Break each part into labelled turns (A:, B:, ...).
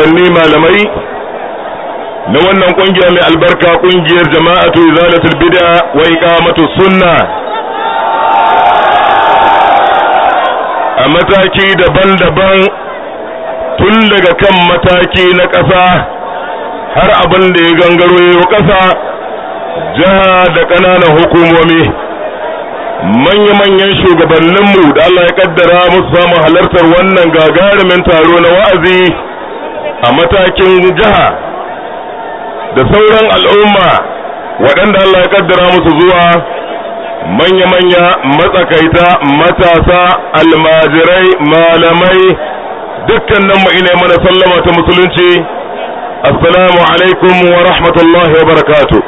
A: sanni malamai na wannan kungiya mai albarka kungiyar jama'atu izalatul bid'a wa iqamatu sunna a mataki daban-daban tun daga kan mataki na ƙasa har abin da ya gangaro wa ƙasa jiha da ƙananan hukumomi manya-manyan shugabanninmu da Allah ya kaddara musu samun halartar wannan gagarumin taro na wa'azi a matakin jiha da sauran al'umma waɗanda Allah ya kaddara musu zuwa manya-manya matsakaita matasa almajirai malamai dukkanin ina mana sallama ta musulunci assalamu alaikum wa rahmatullahi wa barakatu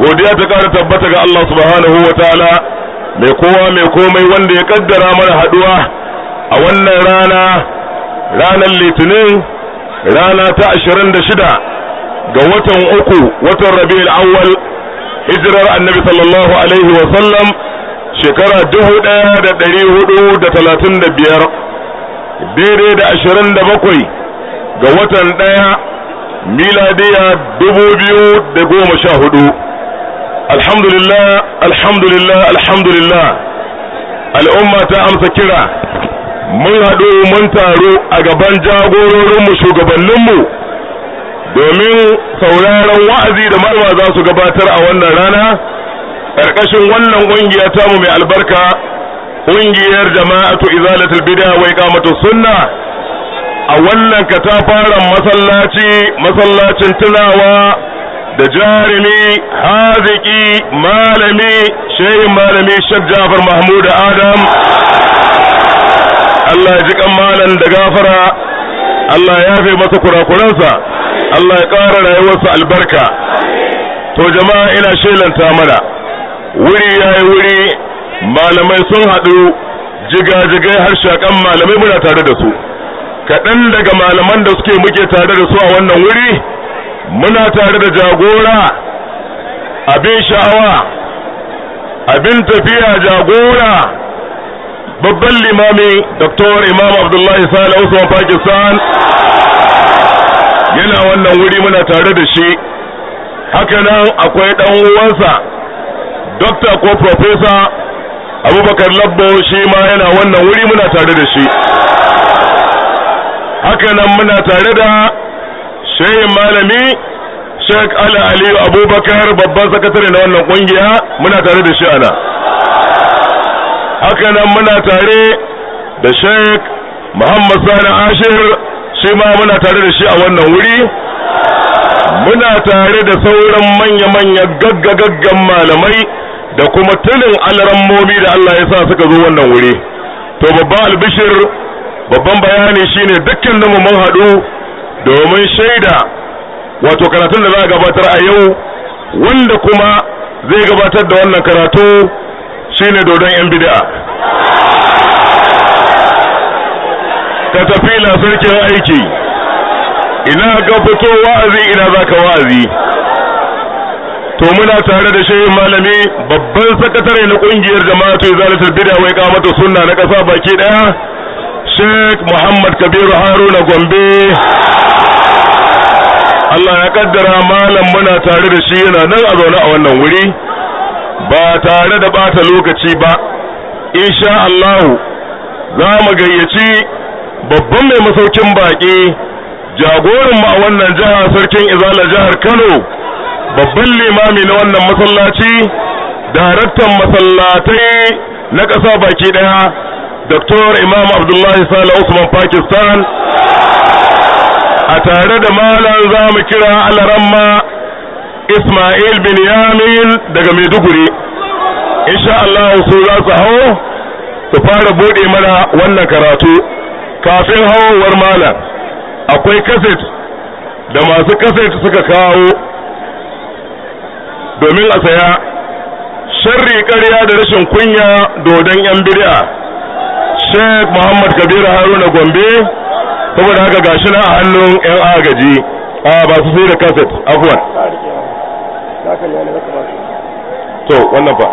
A: godiya ta ƙara tabbata ga Allah subhanahu wa ta'ala mai kowa mai komai wanda ya kaddara mana haɗuwa a wannan rana ranar litinin rana ta ashirin da shida ga watan uku watan rabi'ul awwal hijirar annabi sallallahu alaihi wa shekara dubu ɗaya da ɗari hudu da talatin da biyar daidai da ashirin da bakwai ga watan ɗaya miladiya dubu biyu da goma sha hudu alhamdulillah alhamdulillah alhamdulillah al'umma ta amsa kira mun haɗu mun taru a gaban jagororinmu shugabanninmu domin sauraron wa'azi da malama za su gabatar a wannan rana ƙarƙashin wannan ta mu mai albarka ƙungiyar jama'atu izalatul bid'a wa iqamatu sunna a wannan katafaren masallaci masallacin tunawa da jarumi haziki malami shehin malami Sheikh Jafar Mahmud Adam Allah ya ji malam da gafara Allah ya yafe masa kurakuransa Allah ya ƙara rayuwarsa albarka to jama'a ina shelanta mana wuri yayi wuri malamai sun haɗu jigajigai har shakan malamai muna tare da su kaɗan daga malaman da suke muke tare da su a wannan wuri muna tare da jagora abin sha'awa abin tafiya jagora babban limami Dr. Imam Abdullahi Sale Usman Pakistan yana wannan wuri muna tare da shi haka nan akwai dan uwansa Dr. ko Professor Abubakar Labbo shi ma yana wannan wuri muna tare da shi haka nan muna tare da shehin malami Sheikh Ali Aliyu Abubakar babban sakatare na wannan kungiya muna tare da shi ana. haka nan muna tare da sheik muhammad sani ashir shi ma muna tare da shi a wannan wuri muna tare da sauran manya-manya gagga malamai da kuma tunin alarammomi da allah ya sa suka zo wannan wuri to babban albishir babban bayani shine dukkan namu mun haɗu domin shaida wato karatun da za a gabatar a yau wanda kuma zai gabatar da wannan karatu shine dodon yan bid'a tafi sarkin aiki ina ga fito wa'azi ina zaka wa'azi to muna tare da shehu malami babban sakatare na kungiyar jama'atu izalatul bid'a wai kamata sunna na kasa baki daya Sheikh Muhammad Kabiru Haruna Gombe Allah ya kaddara malam muna tare da shi yana nan a zaune a wannan wuri ba tare da bata lokaci ba insha Allahu za mu gayyaci babban mai masaukin baƙi jagoran a wannan jiha sarkin izala jihar Kano babban limami na wannan masallaci daraktan masallatai na ƙasa baki ɗaya Dr. Imam Abdullahi Sale Usman Pakistan a tare da malam za mu kira alaramma Ismail bin Yamil daga Maiduguri insha Allah su za su hau, su fara bude mana wannan karatu kafin hawowar malam akwai kaset da masu kaset suka kawo domin a saya sharri ƙarya da rashin kunya dodon yan bid'a Sheikh Muhammad Kabiru Haruna Gombe saboda haka gashi na a hannun yan agaji a ba su sai da kaset
B: afwan ba to
A: wannan fa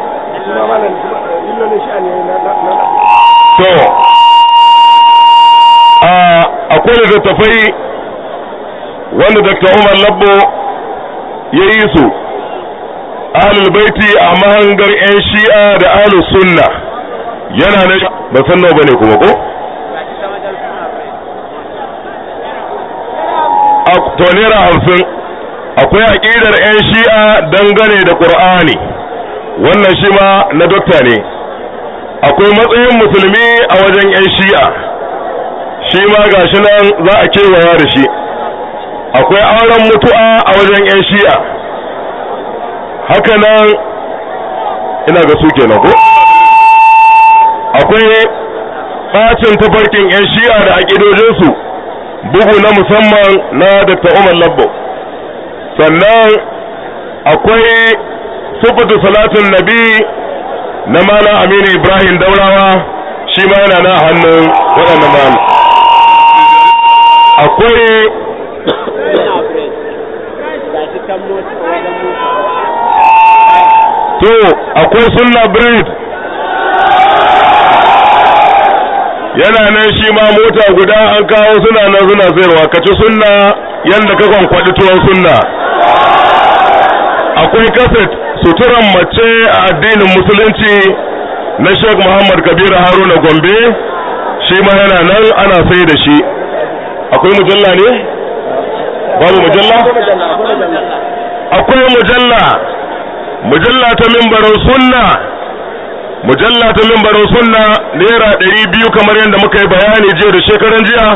A: to akwai littattafai wanda dr umar labbo ya yi su ahlul baiti a mahangar 'yan shi'a da ahlus sunna yana na ba san nawa bane kuma ko to naira hamsin akwai aƙidar 'yan shi'a dangane da ƙur'ani wannan shi ma na dokta ne akwai matsayin musulmi a wajen 'yan shi'a shi ma gashi nan za a kewaya da shi akwai auren mutu'a a wajen 'yan shi'a haka nan ina ga su na ko akwai bacin tafarkin 'yan shi'a da aƙidojinsu bugu na musamman na Dr. Umar Labbo. sannan akwai sufatu salatin nabi na mana aminu ibrahim daurawa shi ma yana na hannun waɗannan mana
C: akwai to akwai sunna breed
A: yana nan shi ma mota guda an kawo suna nan suna sayarwa kaci sunna yadda ka kwankwaɗi tuwon sunna akwai kaset suturan mace a addinin musulunci na sheikh muhammad kabiru haruna gombe shi ma yana nan ana sai da shi akwai mujalla ne babu mujalla akwai mujalla mujalla ta mimbarin sunna mujalla ta mimbarin sunna naira ɗari biyu kamar yadda muka yi bayani jiya da shekaran jiya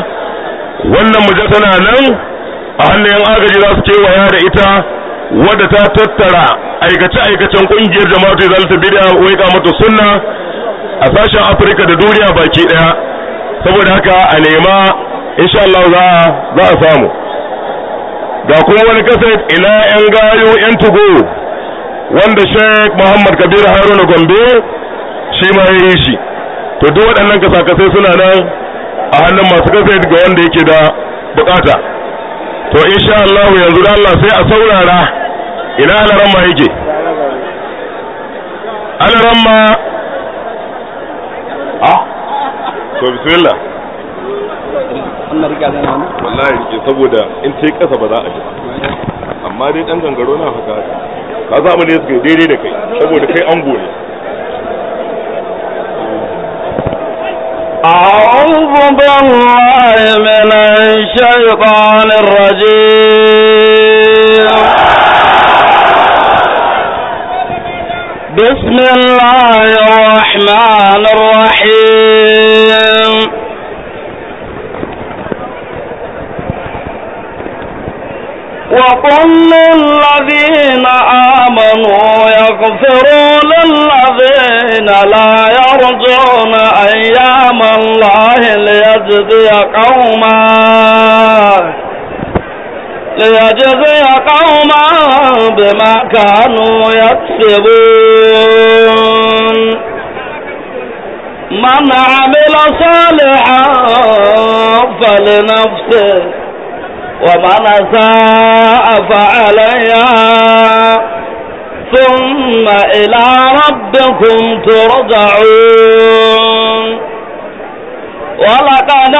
A: wannan mujalla tana nan a hannun agaji za su kewaya da ita wadda ta tattara aikace-aikacen kungiyar jama'atu za ta bida wai mata sunna a sashen afirka da duniya baki daya saboda haka a nema insha Allah za a samu ga kuma wani kasar ina yan gayo yan tugo wanda sheikh muhammad kabir haruna gombe shi ma ya yi shi to duk waɗannan kasakasai suna nan a hannun masu kaset ga wanda yake da bukata to insha Allah yanzu da Allah sai a saurara ina alaramma yake alaramma ah to bismillah Allah rika da nan wallahi ke saboda in sai kasa ba za a ji amma dai dan gangaro na haka ka za mu ne su daidai da kai saboda kai ango ne
C: أعوذ بالله
B: من الشيطان الرجيم بسم الله الرحمن الرحيم
D: وقل للذين آمنوا يغفروا للذين لا يرجون أيام الله ليجزي
B: قوما ليجزي قوما
D: بما كانوا يكسبون من عمل صالحا فلنفسه ومن ساء فعليها ثم إلى ربكم ترجعون ولقد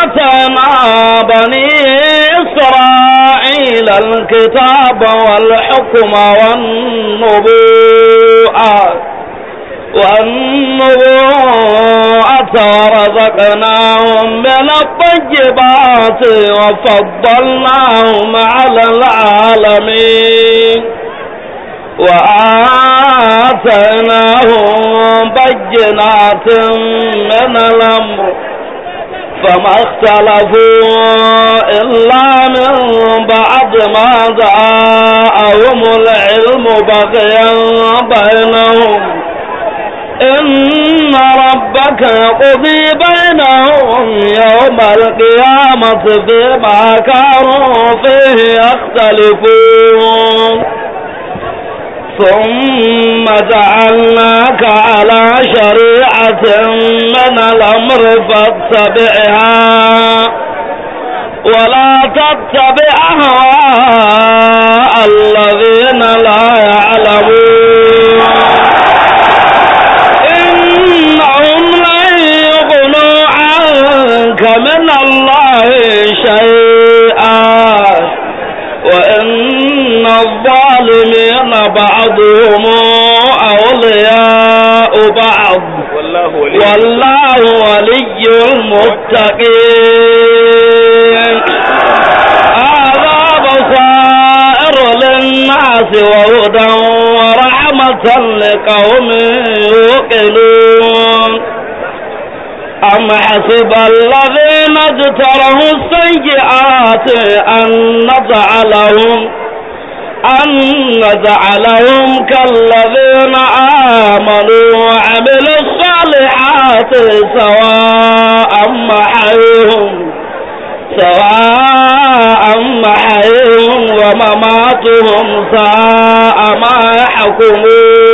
D: آتنا بني إسرائيل الكتاب والحكم والنبوءة
B: والنبوءة ورزقناهم الطيبات وفضلناهم على العالمين وآتيناهم
D: بجنات من الأمر فما اختلفوا إلا من بعد ما جاءهم العلم بغيا بينهم إن ربك قضي بينهم يوم القيامة فيما كانوا فيه يختلفون
B: ثم جعلناك على شريعة من الأمر فاتبعها ولا تتبع أهواء الذين لا من الله شيئا وإن الظالمين بعضهم أولياء بعض والله ولي, والله ولي المتقين هذا بصائر
D: للناس وهدى ورحمة لقوم يوقنون أم حسب الذين اجتره السيئات أن نجعلهم
B: أن نجعلهم كالذين آمنوا وعملوا الصالحات سواء محيهم سواء محيهم ومماتهم ساء ما يحكمون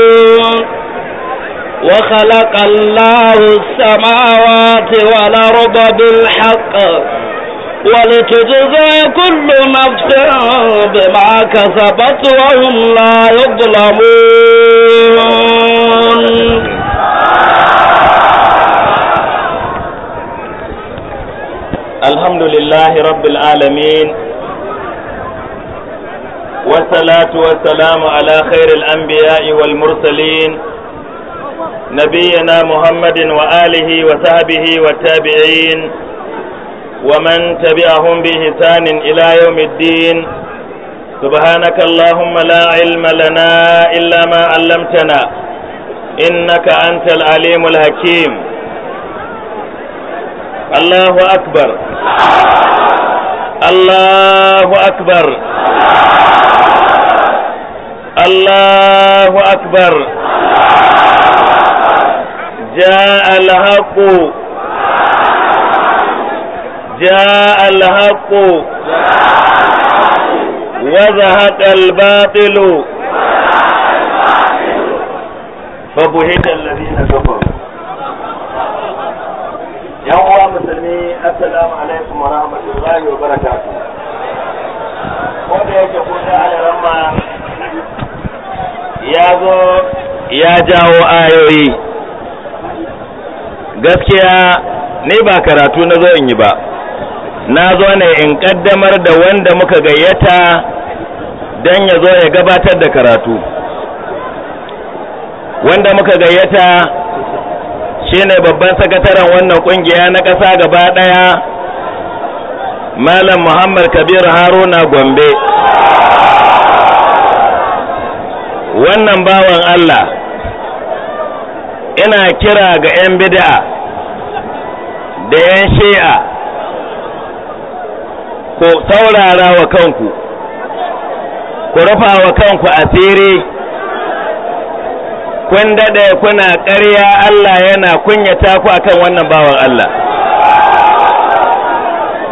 D: وخلق الله السماوات والأرض بالحق ولتجزى كل نفس بما كسبت وهم لا يظلمون
B: الحمد لله رب العالمين والصلاة والسلام على خير الأنبياء والمرسلين
D: نبينا محمد وآله وصحبه والتابعين ومن تبعهم بإحسان إلى يوم الدين سبحانك
B: اللهم لا علم لنا إلا ما علمتنا إنك أنت العليم الحكيم الله أكبر الله أكبر الله أكبر, الله أكبر جاء الحق
D: جاء الحق وزهق الباطل فبهت الذين كفروا yan uwa musulmi assalamu alaikum wa rahmatullahi wa wanda yake ya zo
C: ya jawo ayoyi
D: gaskiya ni ba karatu na zo in yi ba na zo ne in kaddamar da wanda muka gayyata don ya zo ya gabatar da karatu wanda muka gayyata shine babban sakataren wannan kungiya na ƙasa gaba ɗaya
B: malam muhammad kabir haruna gombe
D: wannan bawan allah ina kira ga 'yan bid'a da 'yan shi'a ku saurara wa kanku ku rufa wa kanku asiri kun daɗe kuna ƙarya Allah yana kunyata ku akan wannan bawan Allah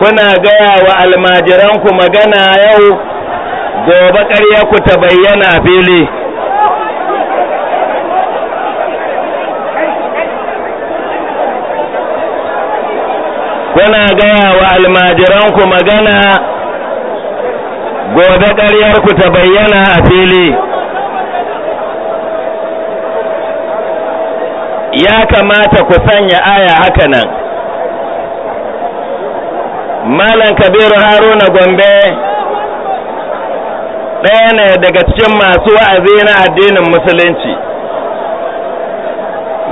D: kuna gaya wa almajiranku magana yau gobe ƙarya ku ta bayyana fili kuna gaya wa almajiranku magana gobe ku ta bayyana a fili ya kamata ku sanya aya haka nan malam kabiru haruna gombe ɗaya ne daga cikin masu wa'azi na addinin musulunci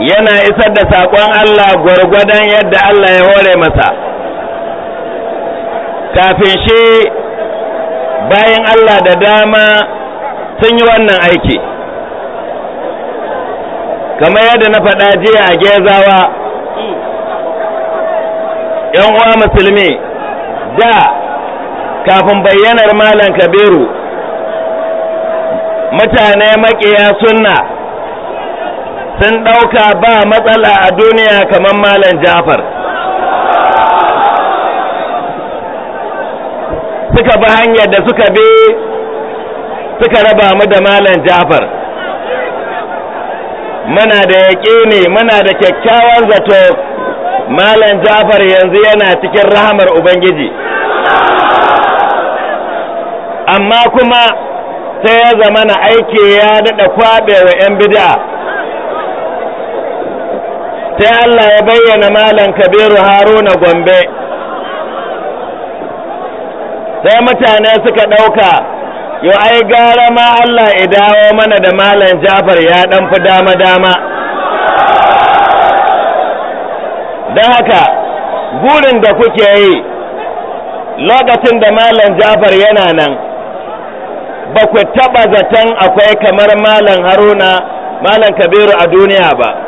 D: yana isar da saƙon Allah gwargwadon yadda Allah ya hore masa kafin shi bayan Allah da dama sun yi wannan aiki kamar yadda na faɗa jiya a gezawa ‘yan uwa musulmi da kafin bayyanar malam kabiru mutane maƙiya sunna sun ɗauka ba matsala a duniya kamar malam jafar suka bi hanyar da suka bi suka raba mu da malam jafar muna da ne, muna da kyakkyawan zato malam jafar yanzu yana cikin rahamar ubangiji amma kuma sai ya zama na aiki ya daɗa kwaɓewa 'yan bid'a sai Allah ya bayyana malam kabiru haruna gombe sai mutane suka ɗauka yau ai gara ma Allah ya dawo mana da malam jafar ya ɗan fi dama-dama don haka gurin da kuke yi lokacin da malam jafar yana nan ba ku taɓa zaton akwai kamar malam haruna malam kabiru a duniya ba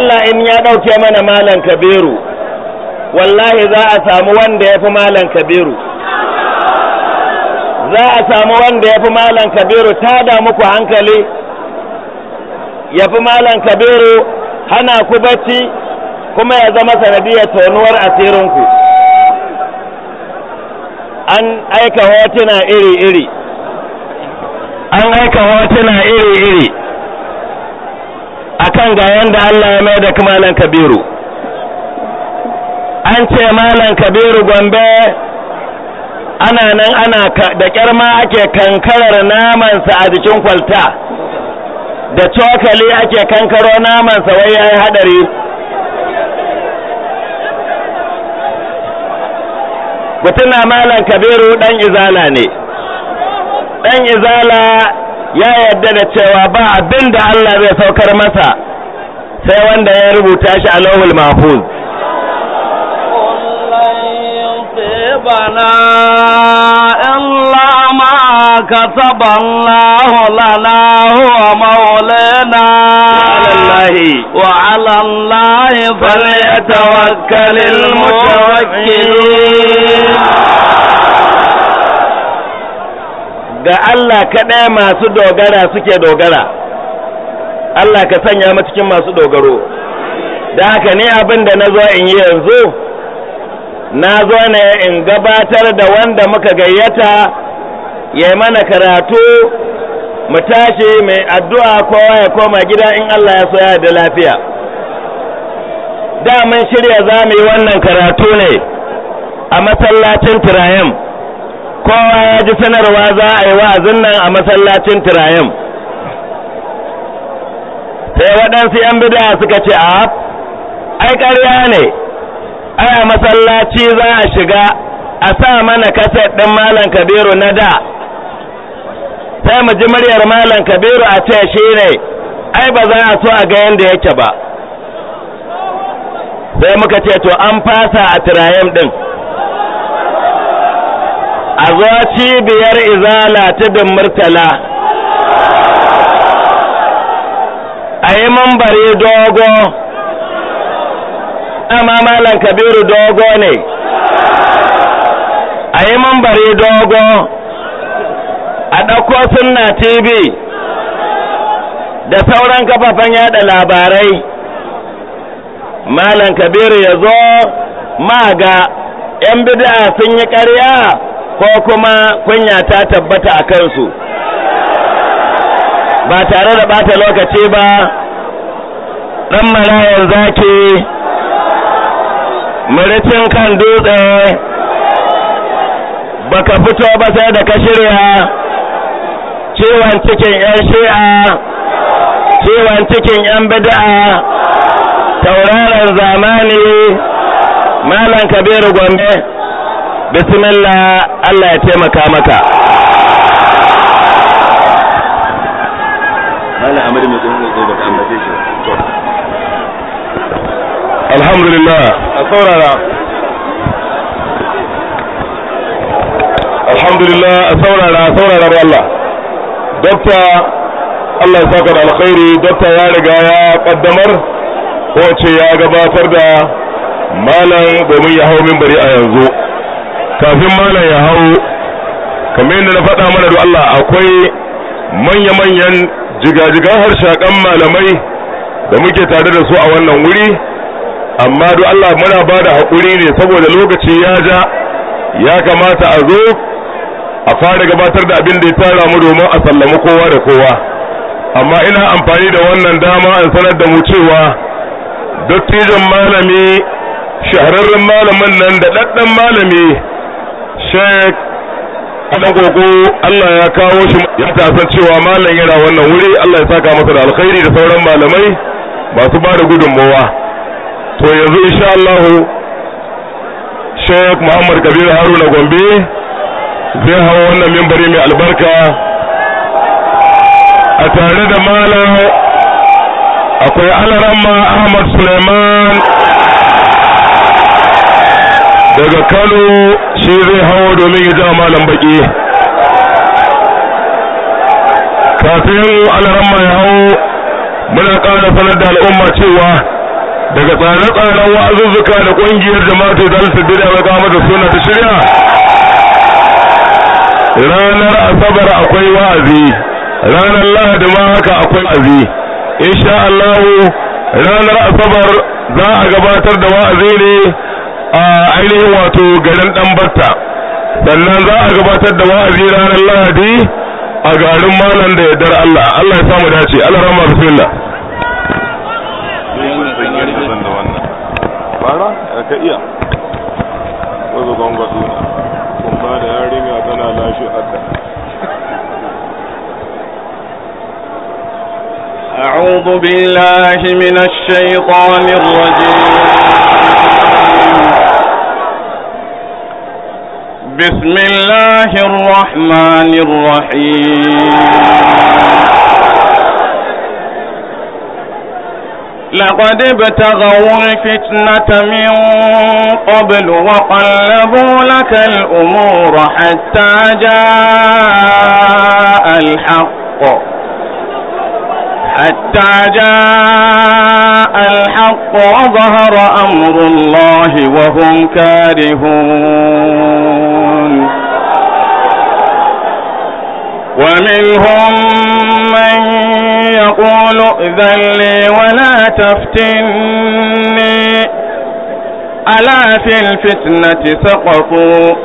D: Allah in ya ɗauke mana malam kabiru wallahi za a samu wanda ya fi malam kabiru za a samu wanda ya fi malam kabiru tada muku hankali ya fi malam kabiru hana ku bacci kuma ya zama sanadiyar tonuwar asirinku an aika hotuna iri-iri an aika hotuna iri-iri akan ga yanda Allah ya mai da malam kabiru an ce malam kabiru gombe ana nan ana da kyar ake kankarar namansa a jikin kwalta da cokali ake kankaro namansa wai ya yi haɗari mutuna malam kabiru dan izala ne dan izala ya yarda da cewa ba abin da Allah zai saukar masa sai wanda ya rubuta shi a lawul mahfuz
B: bana illa ma kataba Allah lana huwa maulana
D: wa ala
B: Allah
D: falyatawakkalul mutawakkilun ga Allah kaɗai masu dogara suke dogara Allah ka sanya mu cikin masu dogaro da haka ne abin da na zo in yi yanzu na zo ne in gabatar da wanda muka gayyata ya mana karatu mu tashi mai addu'a kowa ya koma gida in Allah ya soya da lafiya da mun shirya za mu yi wannan karatu ne a masallacin Tirayim. kowa ya ji sanarwa za a yi wa'azin nan a masallacin turayen. sai waɗansu 'yan bida suka ce a ai ƙarya ne ai a masallaci za a shiga a sa mana kaset ɗin malam kabiru na da sai mu ji muryar malam kabiru a ce shi ne ai ba za a so a ga yadda yake ba sai muka ce to an fasa a turayen ɗin a zo cibiyar izala ta da murtala a yi mambari dogo amma malam kabiru dogo ne a yi mambari dogo a ɗauko sunna tv da sauran kafafen yada labarai malam kabiru ya zo ma ga 'yan bida sun yi ƙarya ko kuma kunya ta tabbata a kansu ba tare da bata lokaci ba ɗan malayan zaki muricin kan dutse baka fito ba sai da ka shirya ciwon cikin 'yan shi'a
B: ciwon cikin 'yan bida'a tauraron zamani malam kabiru gombe bismillah Allah ya
A: taimaka maka alhamdulillah a saurara alhamdulillah a saurara a saurara Allah dokta Allah ya saka da alkhairi dokta ya riga ya kaddamar ko ce ya gabatar da malam domin ya hau min bari a yanzu kafin malam ya hau kamar yadda na faɗa mana da Allah akwai manya-manyan har shakan malamai da muke tare da su a wannan wuri amma duk Allah muna ba da haƙuri ne saboda lokaci ya ja ya kamata a zo a fara gabatar da abin da ya tara mu domin a sallamu kowa da kowa amma ina amfani da wannan dama in sanar da mu cewa dattijan malami shahararren malamin nan da ɗaɗɗan malami sheik gogo Allah ya kawo shi ya tasar cewa malam yana wannan wuri Allah ya saka masa da alkhairi da sauran malamai masu ba da gudunmowa to yanzu insha Allah sheik Muhammad Kabir Haruna Gombe zai hawa wannan mimbari mai albarka a tare da malam akwai alaramma Ahmad Suleiman daga kano shi zai hawo domin ya ja malam baki kafin alaramma ya hawo muna ƙara sanar da al'umma cewa daga tsare-tsaren wa'azuzzuka da ƙungiyar jama'atu da su bida da kama da suna ta shirya ranar asabar akwai wa'azi ranar lahadi ma haka akwai wa'azi insha Allah ranar asabar za a gabatar da wa'azi ne a ainihin wato garin dan batta sannan za a gabatar da wa'azi ranar lahadi a garin malam da yardar Allah Allah ya samu dace Allah rahma bismillah bara ka iya wazo gongo duna kun ba da yarinya tana lashe adda
B: أعوذ بالله من الشيطان الرجيم بسم الله الرحمن الرحيم لقد ابتغوا الفتنة من قبل وقلبوا لك الأمور حتى جاء الحق حتى جاء الحق وظهر أمر الله وهم كارهون
C: ومنهم
B: من يقول اذن لي ولا تفتني ألا في الفتنة سقطوا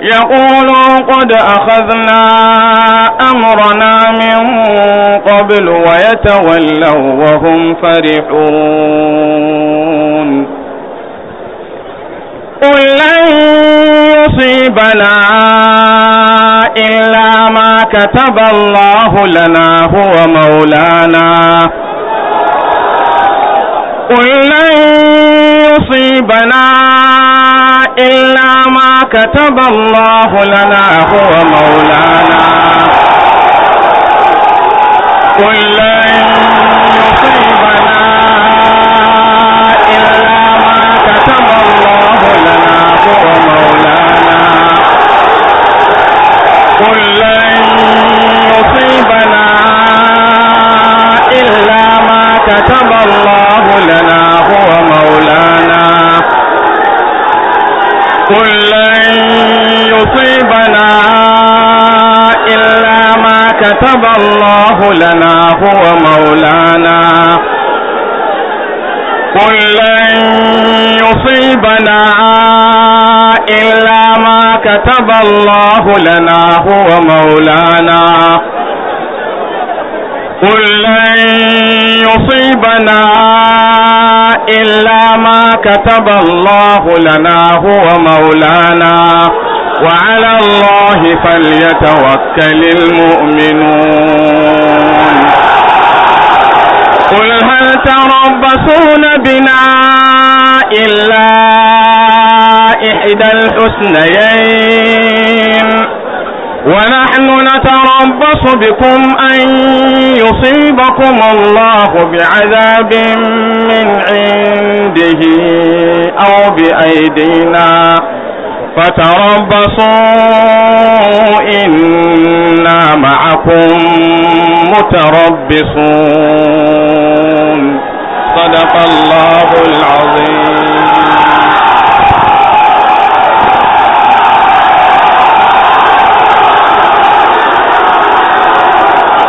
B: يقولوا قد أخذنا أمرنا من قبل ويتولوا وهم فرحون قل لن يصيبنا إلا ما كتب الله لنا هو مولانا قل لن يصيبنا إلا ما كتب الله لنا هو مولانا قل لا كتب الله لنا هو مولانا قل لن يصيبنا إلا ما كتب الله لنا هو مولانا قل لن يصيبنا إلا ما كتب الله لنا هو مولانا وعلى الله فليتوكل المؤمنون قل هل تربصون بنا إلا إحدى الحسنيين ونحن نتربص بكم أن يصيبكم الله بعذاب من عنده أو بأيدينا فتربصوا إنا معكم متربصون صدق الله العظيم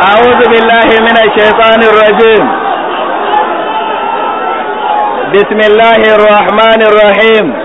D: أعوذ بالله من الشيطان الرجيم بسم الله الرحمن الرحيم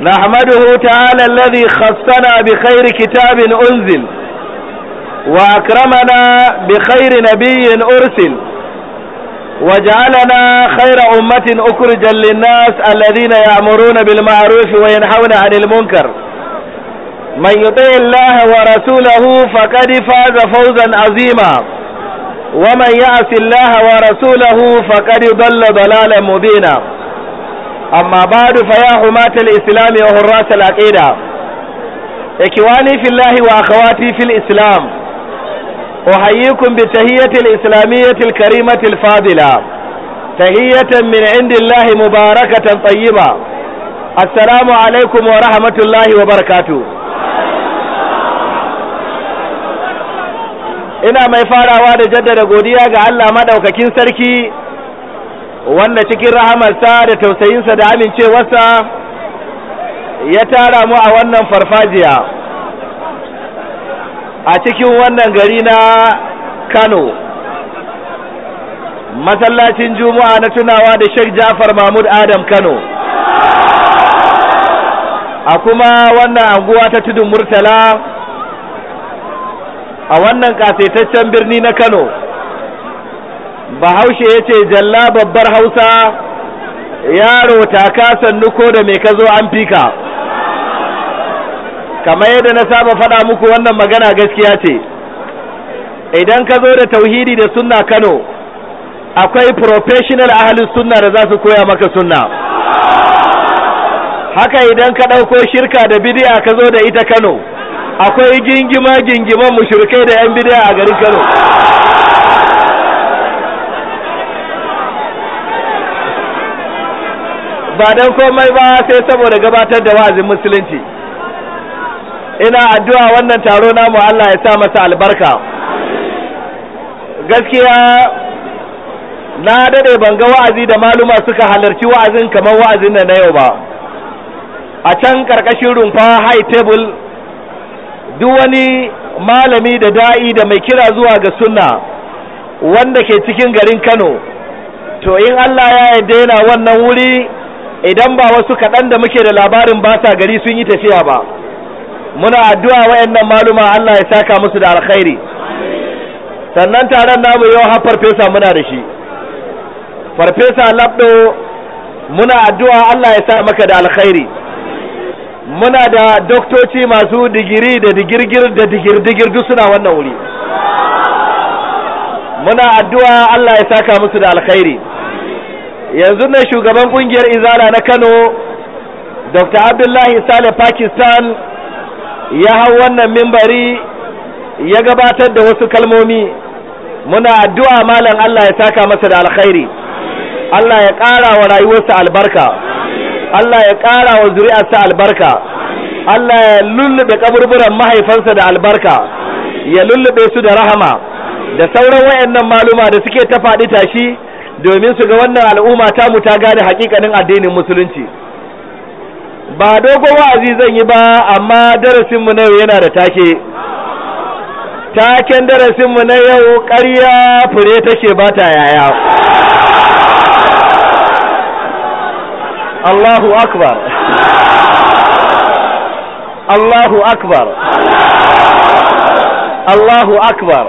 D: نحمده تعالى الذي خصنا بخير كتاب أنزل وأكرمنا بخير نبي أرسل وجعلنا خير أمة أخرجا للناس الذين يأمرون بالمعروف وينحون عن المنكر من يطيع الله ورسوله فقد فاز فوزا عظيما ومن يعص الله ورسوله فقد ضل ضلالا مبينا amma ba da faya humatar islami a hurrasa laƙeda ya kiwani fillahi wa akawati fil islam o hayyukun bi tahiyyatil islamiyyatil karimatil fadila tahiyyatan min indillahi mubarakatan tayyiba assalamu alaikum wa rahmatullahi wa barkatu. ina mai farawa da jaddada godiya ga Allah maɗaukakin sarki wanda cikin rahamarsa da tausayinsa da amincewarsa
C: ya tara mu a
D: wannan farfajiya a cikin wannan gari na kano masallacin juma'a na tunawa da sheikh jafar mahmud adam kano a kuma wannan anguwa ta tudun murtala a wannan kasaitaccen birni na kano bahaushe ya ce jalla babbar hausa yaro taka sannu ko da mai ka zo an fika kamar yadda na saba faɗa muku wannan magana gaskiya ce idan ka zo da tauhidi da sunna kano akwai professional ahalin sunna da za su koya maka sunna haka idan ka ɗauko shirka da bidiya ka zo da ita kano akwai gingima gingiman mushrikai da 'yan bidiya a garin kano ba don komai ba sai saboda gabatar da wa'azin musulunci ina addu'a wannan taro namu Allah ya sa masa albarka gaskiya na dade ban ga wa'azi da maluma suka halarci wa'azin kamar wa'azin da na yau ba a can karkashin rumfa high table duk wani malami da da'i da mai kira zuwa ga sunna wanda ke cikin garin Kano to in Allah ya yarda yana wannan wuri idan ba wasu kaɗan da muke da labarin ba sa gari sun yi tafiya ba muna addu'a wayannan maluma Allah ya saka musu da alkhairi sannan taron namu yau har farfesa muna da shi farfesa labdo muna addu'a Allah ya sa maka da alkhairi muna da doktoci masu digiri da digirgir da digirdigir duk suna wannan wuri muna addu'a Allah ya saka musu da alkhairi yanzu ne shugaban kungiyar izala na kano dr abdullahi sale pakistan ya hau wannan mimbari ya gabatar da wasu kalmomi muna addu'a malam allah ya saka masa da alkhairi allah ya kara wa rayuwarsa albarka allah ya kara wa zuri'arsa albarka allah ya lullube kaburburan mahaifansa da albarka ya lullube su da rahama da sauran wayannan maluma da suke ta faɗi tashi domin su ga wannan al'umma ta mu ta gane hakikanin addinin musulunci ba dogon wa'azi zan yi ba amma darasinmu na yau yana da take taken darasin mu na yau ƙarya fure take ba ta yaya
C: Allahu
B: akbar Allahu
D: akbar Allahu akbar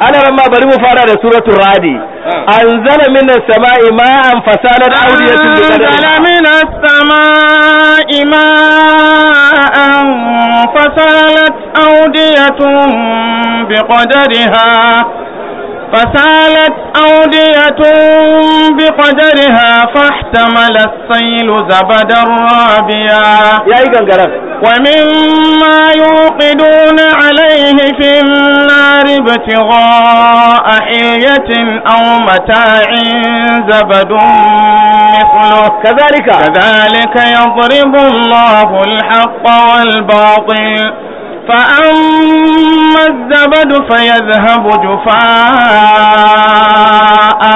D: ana ran ma bari mu fara da suratul radi anzala minas sama'i ma'an fasalat awdiyatun bi qadari anzala
B: minas sama'i ma'an fasalat awdiyatun bi qadariha فسالت أودية بقدرها فاحتمل السيل زبدا رابيا ومما يوقدون عليه في النار ابتغاء حلية أو متاع زبد مثله كذلك كذلك يضرب الله الحق والباطل فأما الزبد فيذهب جفاء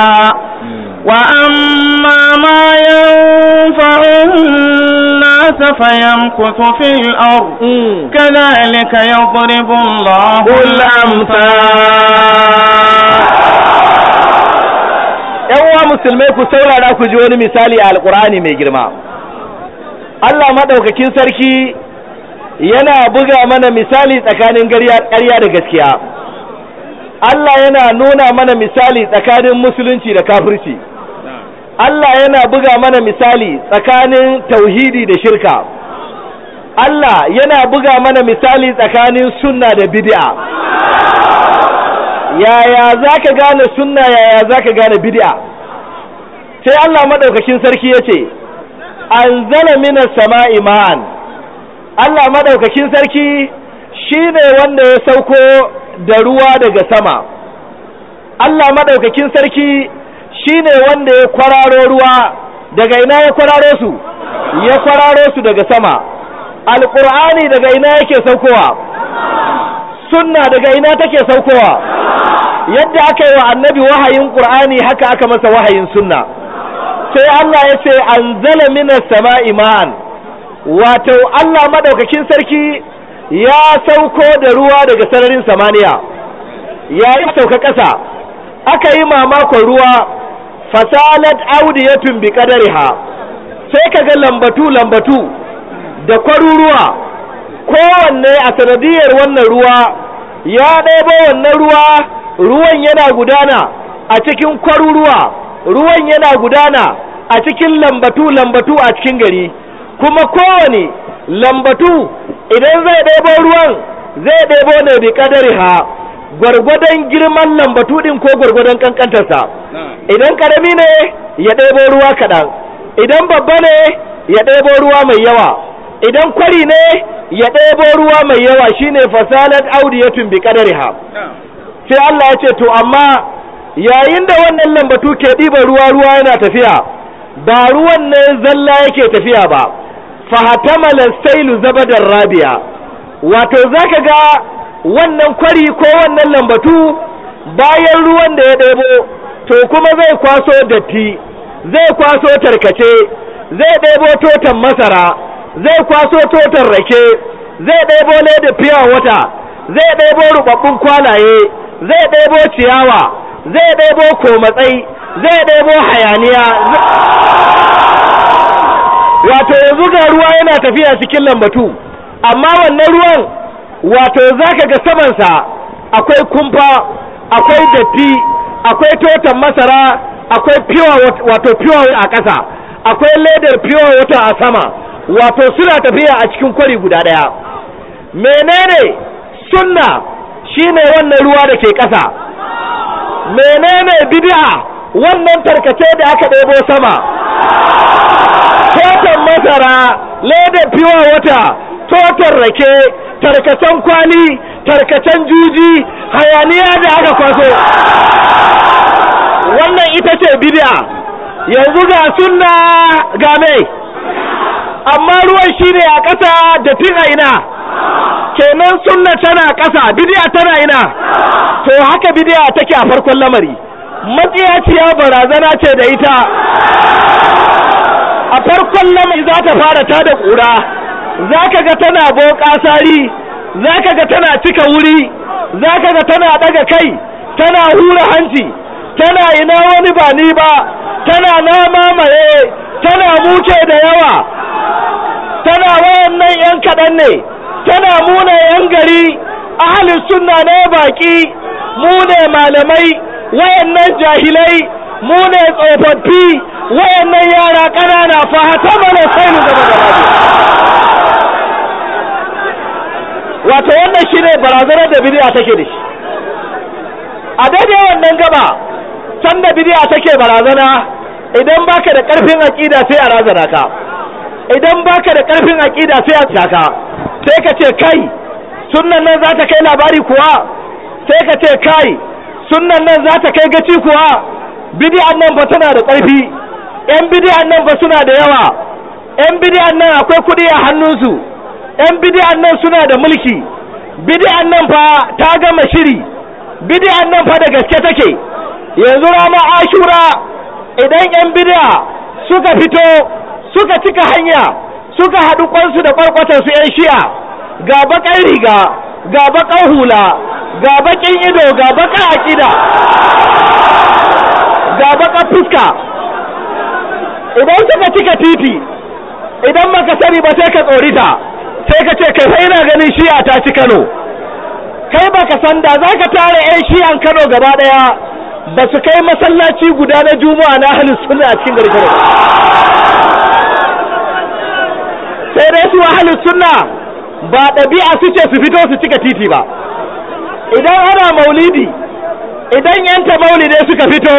B: وأما ما ينفع الناس فيمكث في الأرض كذلك يضرب الله الأمثال
D: uwa musulmai ku saurara ku ji wani misali a alƙur'ani mai girma Allah maɗaukakin sarki yana buga mana misali tsakanin ƙarya da gaskiya Allah yana nuna mana misali tsakanin musulunci da kafirci Allah yana buga mana misali tsakanin tauhidi da shirka Allah yana buga mana misali tsakanin sunna da bid'a yaya za ka gane sunna yaya za ka gane bid'a sai Allah maɗaukakin sarki ya ce, an anzala mina sama'i ma'an Allah madaukakin sarki shi ne wanda ya sauko da ruwa daga sama Allah madaukakin sarki shi ne wanda ya kwararo ruwa daga ina ya kwararo su ya kwararo su daga sama alqur'ani daga ina yake saukowa sunna daga ina take saukowa yadda aka yi wa annabi wahayin ƙur'ani haka aka masa wahayin sunna sai Allah ya ce anzala minas sama'i ma'an wato Allah madaukakin sarki ya sauko da ruwa daga sararin samaniya ya yi sauka ƙasa aka yi mamakon ruwa fasalat audiyatun bi qadariha sai ka ga lambatu lambatu da kwaruruwa kowanne a sanadiyar wannan ruwa ya ɗebo wannan ruwa ruwan yana gudana a cikin kwaruruwa ruwan yana gudana a cikin lambatu lambatu a cikin gari kuma kowane lambatu idan zai ɗebo ruwan zai ɗebo ne bi kadari ha gwargwadon girman lambatu ɗin ko gwargwadon ƙanƙantarsa, idan ƙarami ne ya ɗebo ruwa kaɗan idan babba ne ya ɗebo ruwa mai yawa idan kwari ne ya ɗebo ruwa mai yawa shine fasalat audiyatun bi kadariha sai Allah ya ce to amma yayin da wannan lambatu ke ɗiba ruwa ruwa yana tafiya ba ruwan ne zalla yake tafiya ba fahatamalan sailu zabadar rabiya wato zaka ga wannan kwari ko wannan lambatu bayan ruwan da ya ɗebo to kuma zai kwaso datti zai kwaso tarkace zai ɗebo totan masara zai kwaso totan rake zai ɗebo leda fiya wata zai ɗebo rubabbun kwalaye zai ɗebo ciyawa zai ɗebo komatsai zai ɗebo hayaniya wato yanzu ga ruwa yana tafiya cikin lambatu amma wannan ruwan wato zaka ga samansa akwai kumfa akwai datti akwai totan masara akwai pure wato pure a ƙasa akwai ledar pure wato a sama wato suna tafiya a cikin kwari guda ɗaya menene sunna shine wannan ruwa da ke ƙasa menene bid'a wannan tarkace da aka ɗebo sama Kotar masara ledar fiwa wata totar rake tarkacen kwali tarkacen juji hayaniya da aka kwaso wannan ita ce bid'a yanzu ga sunna ga mai amma ruwan shi ne a ƙasa da fin a ina kenan sunna tana ƙasa bid'a tana ina to haka bid'a take a farkon lamari matsiyaciya barazana ce da ita farkon lamai za ta fara ta da ƙura za ka ga tana boƙa sari za ka ga tana cika wuri za ka ga tana ɗaga kai tana hura hanci tana ina wani ba ni ba tana na mamaye tana muke da yawa tana wayan nan yan kaɗan ne tana muna yan gari ahalin sunna ne baƙi mune malamai wayan nan jahilai mune tsofaffi wayannan yara ƙanana fa hata mana sai mu gaba da lafiya wato wannan shine barazanar da bid'a take da shi a daidai wannan gaba can da bid'a take barazana idan baka da karfin aqida sai a razana ka idan baka da karfin aqida sai a taka sai ka ce kai sunnan nan za ta kai labari kuwa sai ka ce kai sunnan nan za ta kai gaci kuwa bid'an nan ba tana da karfi yan bidiyan nan ba suna da yawa yan bidiyan nan akwai kudi a hannunsu yan bidiyan nan suna da mulki bidiyan nan fa ta gama shiri bidiyan nan fa da gaske take yanzu rama ashura idan yan bidiya suka fito suka cika hanya suka haɗu kwansu da ƙwarƙwatarsu yan shi'a ga baƙar riga ga baƙar hula ga baƙin ido ga baƙar aƙida ga baƙar fuska idan suka cika titi idan baka sani ba sai ka tsorita sai ka ce kai Sai ina ganin shiya ta ci Kano kai baka san da zaka tare yan shiyan Kano gaba daya ba su kai masallaci guda na juma'a na ahlus sunna a cikin garin sai dai su ahlus sunna ba ɗabi'a su ce su fito su cika titi ba idan ana maulidi idan yanta maulidi suka fito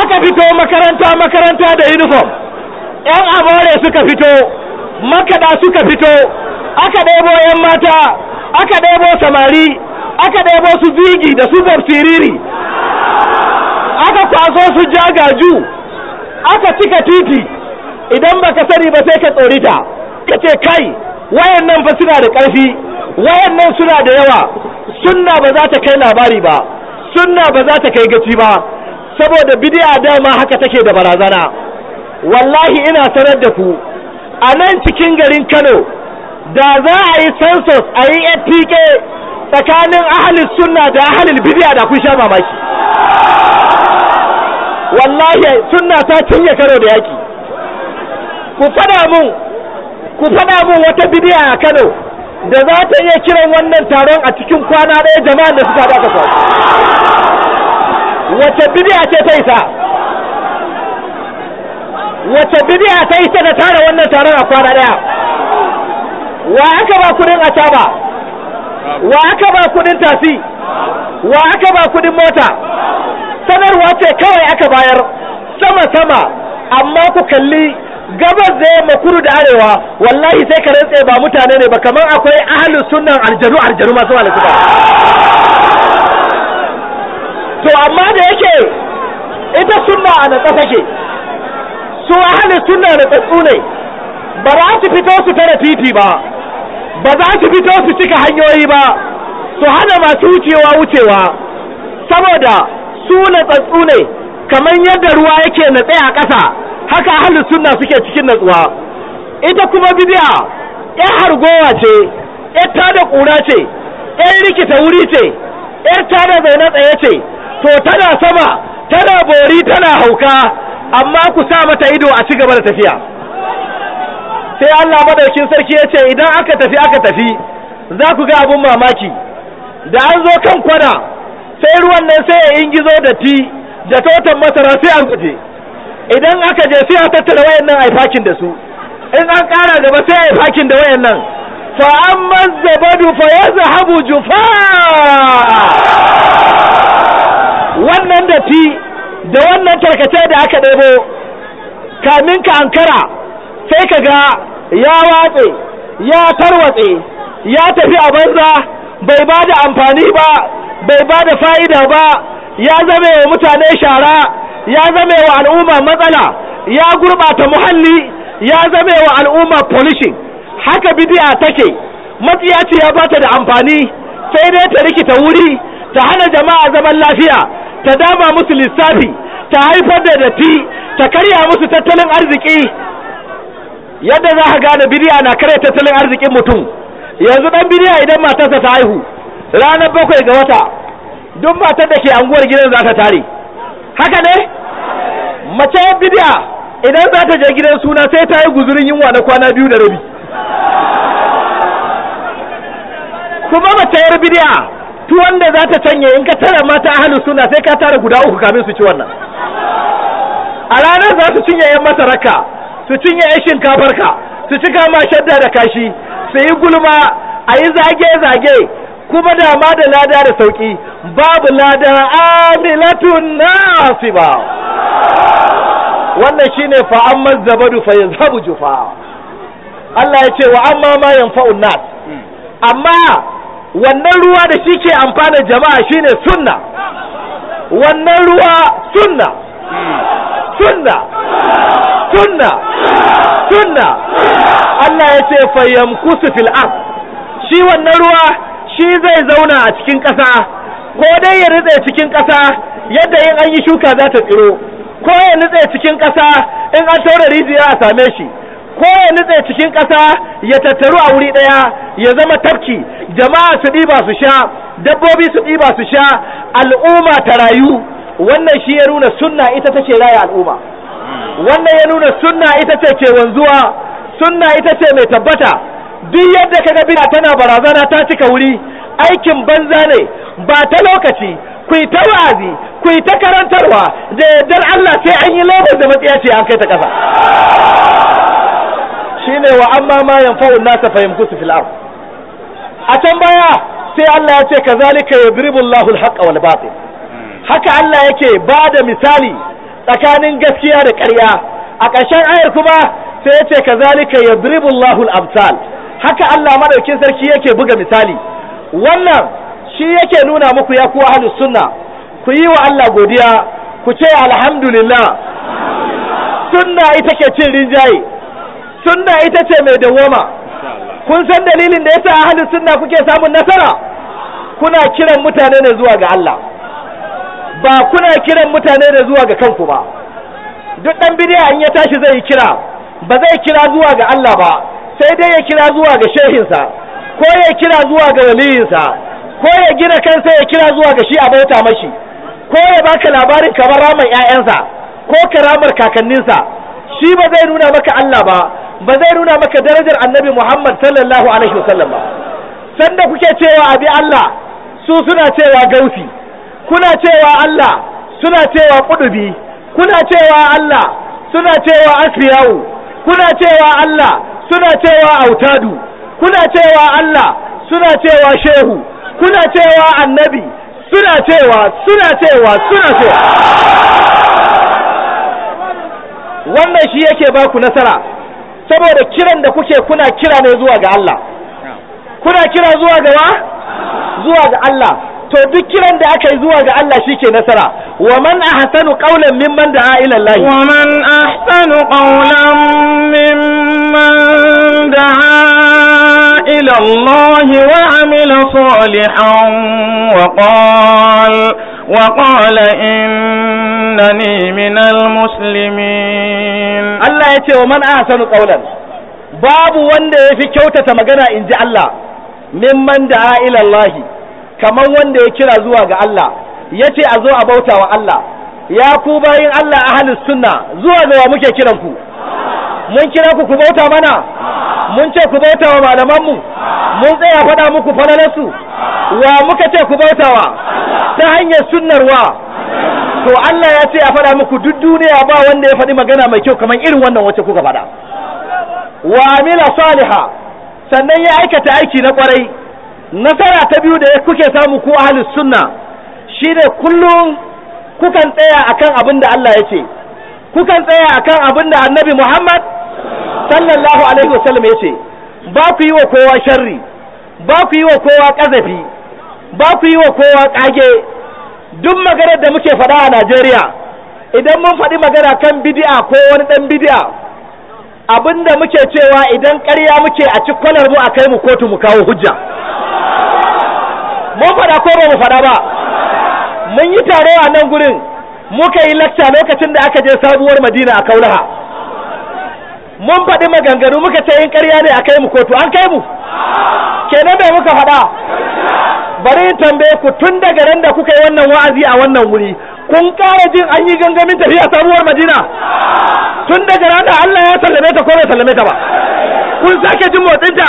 D: aka fito makaranta makaranta da uniform yan amare suka fito makada suka fito aka ɗebo yan mata aka ɗebo samari aka ɗebo su zigi da su siriri aka kwaso su jagaju aka cika titi idan baka sani ba sai ka tsorita ka ce kai Wayannan fa suna da ƙarfi wayannan suna da yawa sunna ba za ta kai labari ba sunna ba za ta kai gaci ba saboda da dama haka take da barazana wallahi ina sanar da ku a nan cikin garin Kano da za a yi census a yi FPK tsakanin ahalin sunna da ahalin bidiya da kun sha mamaki wallahi sunna ta cinye karo da yaki ku fada mun ku fada mun wata bidiya a Kano da za ta iya kiran wannan taron a cikin kwana ɗaya jama'an da suka da
C: aka
D: wace bidiya ce ta isa wace bidiya ta isa da tara wannan taron a kwana daya wa aka ba kudin ataba wa aka ba kudin tasi wa aka ba kudin mota sanarwa ce kawai aka bayar sama sama amma ku kalli gabas zai makuru da arewa wallahi sai ka rantse ba mutane ne ba kamar akwai ahlus sunnan aljanu aljanu masu malaka to amma da yake ita sunna a natsa take su ahli sunna na tsatsu ne ba za su fito su tare titi ba ba za su fito su cika hanyoyi ba su hana masu wucewa wucewa saboda su na tsatsu ne kamar yadda ruwa yake natse a ƙasa haka ahli suna suke cikin natsuwa ita kuma bidiya ya hargowa ce ya tada ƙura ce ‘yan rikita wuri ce, ya tada zaune tsaye ce, to tana sama tana bori tana hauka amma ku sa mata ido a ci gaba da tafiya sai Allah madaukin sarki ya ce idan aka tafi aka tafi za ku ga abun mamaki da an zo kan kwana sai ruwan nan sai ya ingizo da ti da totan masara sai an guje idan aka je sai a tattara wayannan nan a fakin da su in an kara gaba sai ai fakin da wayannan. nan fa amma zabadu fa yazhabu jufa wannan datti da wannan tarkace da aka ɗebo kamin ka ankara sai ka ga ya watse ya tarwatse ya tafi a banza bai ba da amfani ba bai ba da fa'ida ba ya zame wa mutane shara ya zame wa al'umma matsala ya gurbata muhalli ya zame wa al'umma polishin haka bidiya take matsiya ce ya bata da amfani sai dai ta rikita wuri ta hana jama'a zaman lafiya ta dama musu lissafi ta haifar da datti ta karya musu tattalin arziki yadda za ka gane bidiya na karya tattalin arzikin mutum yanzu dan bidiya idan matarsa ta haihu ranar bakwai ga wata duk matar da ke anguwar gidan za ta tare haka ne mace bidiya idan za ta je gidan suna sai ta yi guzurin yunwa na kwana biyu da rabi kuma mace yar bidiya Su wanda za ta canye in ka tara mata hali suna sai ka tara guda uku kamin su ci wannan a ranar za su cinye yan masaraka su cinye yan shinkafar ka su ci kama shadda da kashi su yi gulma a yi zage-zage kuma dama da lada da sauki babu lada amilatun nasiba wannan shi shine fa'amman zabadu fayin zabu jufa Allah ya ce wa amma ma yanfa nas amma wannan ruwa da shi ke amfana jama'a shine sunna wannan ruwa sunna sunna sunna sunna Allah ya ce fayyam fil fil'ar shi wannan ruwa shi zai zauna a cikin ƙasa ko dai ya nutse cikin ƙasa yadda in an yi shuka za ta tsiro ko ya nutse cikin ƙasa in an taura rijiya a same shi ko ya nutse cikin ƙasa ya tattaru a wuri ɗaya ya zama tafki jama'a su ɗiba su sha dabbobi su ɗiba su sha al'umma ta rayu wannan shi ya nuna sunna ita ta ce raya al'umma wannan ya nuna sunna ita ce ke wanzuwa sunna ita ce mai tabbata duk yadda kaga bida tana barazana ta cika wuri aikin banza ne ba ta lokaci ku ta wa'azi ku ta karantarwa da yardar Allah sai an yi lokacin da matsiya ce an kai ta ƙasa ne wa amma ma yanfa'u nasa su fil ard a can baya sai Allah ya ce kazalika yadribu Allahu wal batil haka Allah yake ba da misali tsakanin gaskiya da ƙarya a ƙarshen ayar kuma sai ya ce kazalika yadribu Allahu amsal haka Allah madaukin sarki yake buga misali wannan shi yake nuna muku ya kuwa ahlus sunna ku yi wa Allah godiya ku ce alhamdulillah sunna ita ke cin rinjaye sunna ita ce mai dawwama kun san dalilin da ya sa ahlus sunna kuke samun nasara kuna kiran mutane ne zuwa ga Allah ba kuna kiran mutane ne zuwa ga kanku ba duk dan bidiya in ya tashi zai kira ba zai kira zuwa ga Allah ba sai dai ya kira zuwa ga shehinsa ko ya kira zuwa ga waliyinsa ko ya gina kansa ya kira zuwa ga shi a bauta mashi ko ya baka labarin kamar raman 'ya'yansa ko karamar kakanninsa shi ba zai nuna maka Allah ba ba zai nuna maka darajar annabi Muhammad sallallahu alaihi wasallam ba sanda kuke cewa abi Allah su suna cewa gausi kuna cewa Allah suna cewa kudubi kuna cewa Allah suna cewa asfiyawu kuna cewa Allah suna cewa autadu kuna cewa Allah suna cewa shehu kuna cewa annabi suna cewa suna cewa suna cewa wannan shi yake baku nasara saboda kiran da kuke kuna kira ne zuwa ga Allah kuna kira zuwa ga wa zuwa ga Allah to duk kiran da aka yi zuwa ga Allah shi ke nasara wa man ahsanu qawlan mimman da'a ila Allah wa man ahsanu qawlan mimman da'a
B: ila Allah wa amila salihan wa qala وقال إنني من المسلمين
D: الله يتي ومن أحسن قولا باب وند في كوتة مغنى إن جاء الله ممن دعا إلى الله كما وند يكرا زوا زواج الله يتي أزوى أبوتا والله الله يا كوبا Allah الله sunna zuwa زوا wa مكي kiran mun kira ku ku bauta mana mun ce ku bauta wa mu mun tsaya faɗa muku su wa muka ce ku bautawa ta hanyar sunnarwa to Allah ya ce a faɗa muku duk duniya ba wanda ya faɗi magana mai kyau kamar irin wannan wacce kuka faɗa wa amila saliha sannan ya aikata aiki na kwarai nasara ta biyu da kuke samu ku ahlus sunna shine kullum kukan tsaya akan abin Allah ya ce kukan tsaya akan abinda annabi Muhammad sallallahu alaihi wasallam ya ce ba ku yi wa kowa sharri ba ku yi wa kowa kazafi ba ku yi wa kowa ƙage duk maganar da muke faɗa a Najeriya idan mun faɗi magana kan bid'a ko wani ɗan bid'a abinda muke cewa idan ƙarya muke a ci kwalar mu a kai mu kotu mu kawo hujja mun faɗa ko ba mu faɗa ba mun yi taro a nan gurin muka yi lacca lokacin da aka je sabuwar madina a kaulaha mun faɗi maganganu muka ce yin ƙarya ne a kai mu kotu an kai mu kenan da muka faɗa bari in tambaye ku tun daga ran da kuka yi wannan wa'azi a wannan wuri kun ƙara jin an yi gangamin tafiya sabuwar madina tun daga ran da Allah ya sallame ta ko bai sallame ta ba kun sake jin motsinta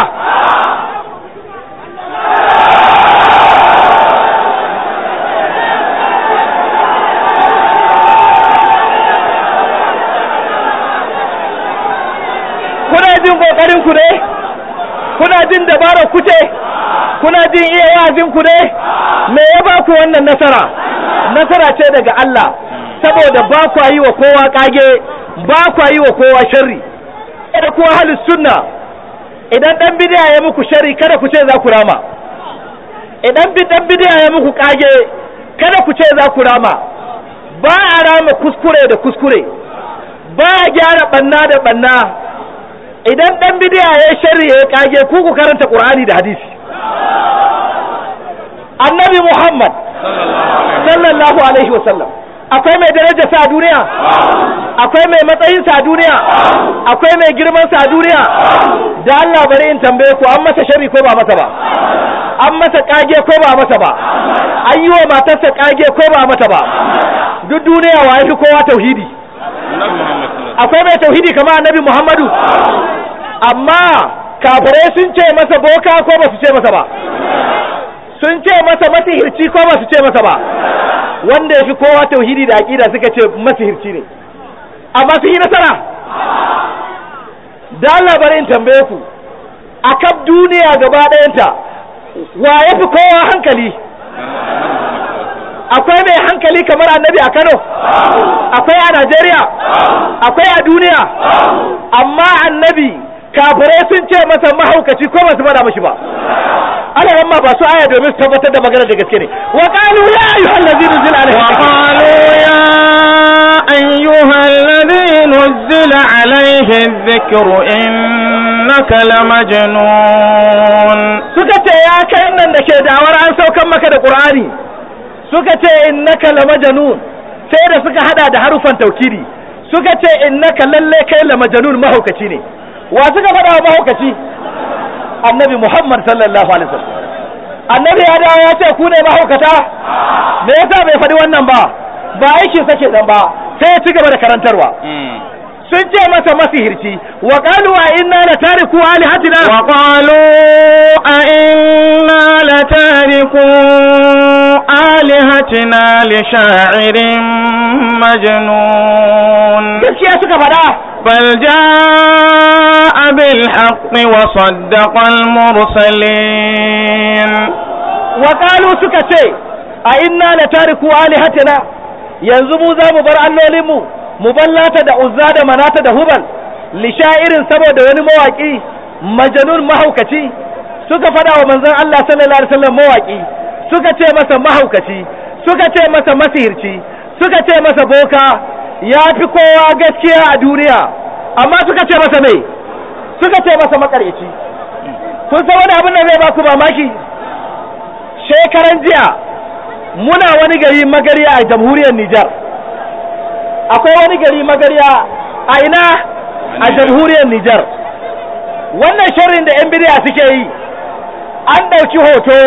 D: jin kokarin ku ne kuna jin dabarar ku ce kuna jin iya wa'azin ku ne me ya ba ku wannan nasara nasara ce daga Allah saboda ba ku yi wa kowa kage ba ku yi wa kowa sharri kada kuwa ahlus sunna idan dan bidiya ya muku sharri kada ku ce za ku rama idan dan bidiya ya muku kage kada ku ce za ku rama ba a rama kuskure da kuskure ba a gyara banna da banna idan ɗan bidiya ya sharri ya kage ku ku karanta qur'ani da hadisi annabi muhammad
C: sallallahu alaihi
D: sallam akwai mai daraja sa duniya akwai mai matsayin sa duniya akwai mai girman sa duniya da Allah bari in tambaye ku an masa sharri ko ba masa ba an masa kage ko ba masa ba an yi wa matarsa kage ko ba mata ba duk duniya wa ya fi kowa tauhidi akwai mai tauhidi kama annabi Muhammadu amma kafirai sun ce masa boka ko ba su ce masa ba sun ce masa masihirci ko ba su ce masa ba wanda ya fi kowa tauhidi da aƙida suka ce masihirci ne amma sun yi nasara da labarin tambaye ku a duniya gaba ɗayanta wa ya fi kowa hankali akwai mai hankali kamar annabi a Kano akwai a Najeriya akwai a duniya amma annabi kafirai sun ce masa mahaukaci ko masu bada mashi ba ana yamma ba su aya domin su tabbatar da magana da gaske ne wa
C: qalu ya ayyuhal
D: ladina zila alaihi wa qalu ya ayyuhal ladina
B: zila alaihi dhikru innaka lamajnun
D: suka ce ya kai nan da ke dawar an saukan maka da qur'ani suka ce innaka lamajnun sai da suka hada da harufan taukiri suka ce innaka lalle kai lamajnun mahaukaci ne wa suka faɗa wa mahaukaci annabi muhammad sallallahu alaihi wasallam annabi ya dawo ya ce ku ne mahaukata me yasa bai faɗi wannan ba ba aikin sake dan ba sai ya ci gaba da karantarwa hmm. sun ce masa masihirci wa qalu a inna la tariku alihatina wa qalu a inna la tariku alihatina
B: li sha'irin majnun gaskiya suka fada bal ja'a bil haqqi wa saddaqa al
D: mursalin wa qalu suka ce a inna la tariku alihatina yanzu mu za mu bar allolin mu muballata da uzza da manata da hubal lishairin saboda wani mawaki majanun mahaukaci suka fada wa manzon Allah sallallahu alaihi wasallam mawaki suka ce masa mahaukaci suka ce masa masihirci suka ce masa boka ya fi kowa gaskiya a duniya amma suka ce masa mai suka ce masa makarici kun san wani abin da zai baku mamaki shekaran jiya muna wani gari magari a jamhuriyar Nijar akwai wani gari magarya a ina a jamhuriyar Nijar wannan shirin da 'yan bidiya suke yi an ɗauki hoto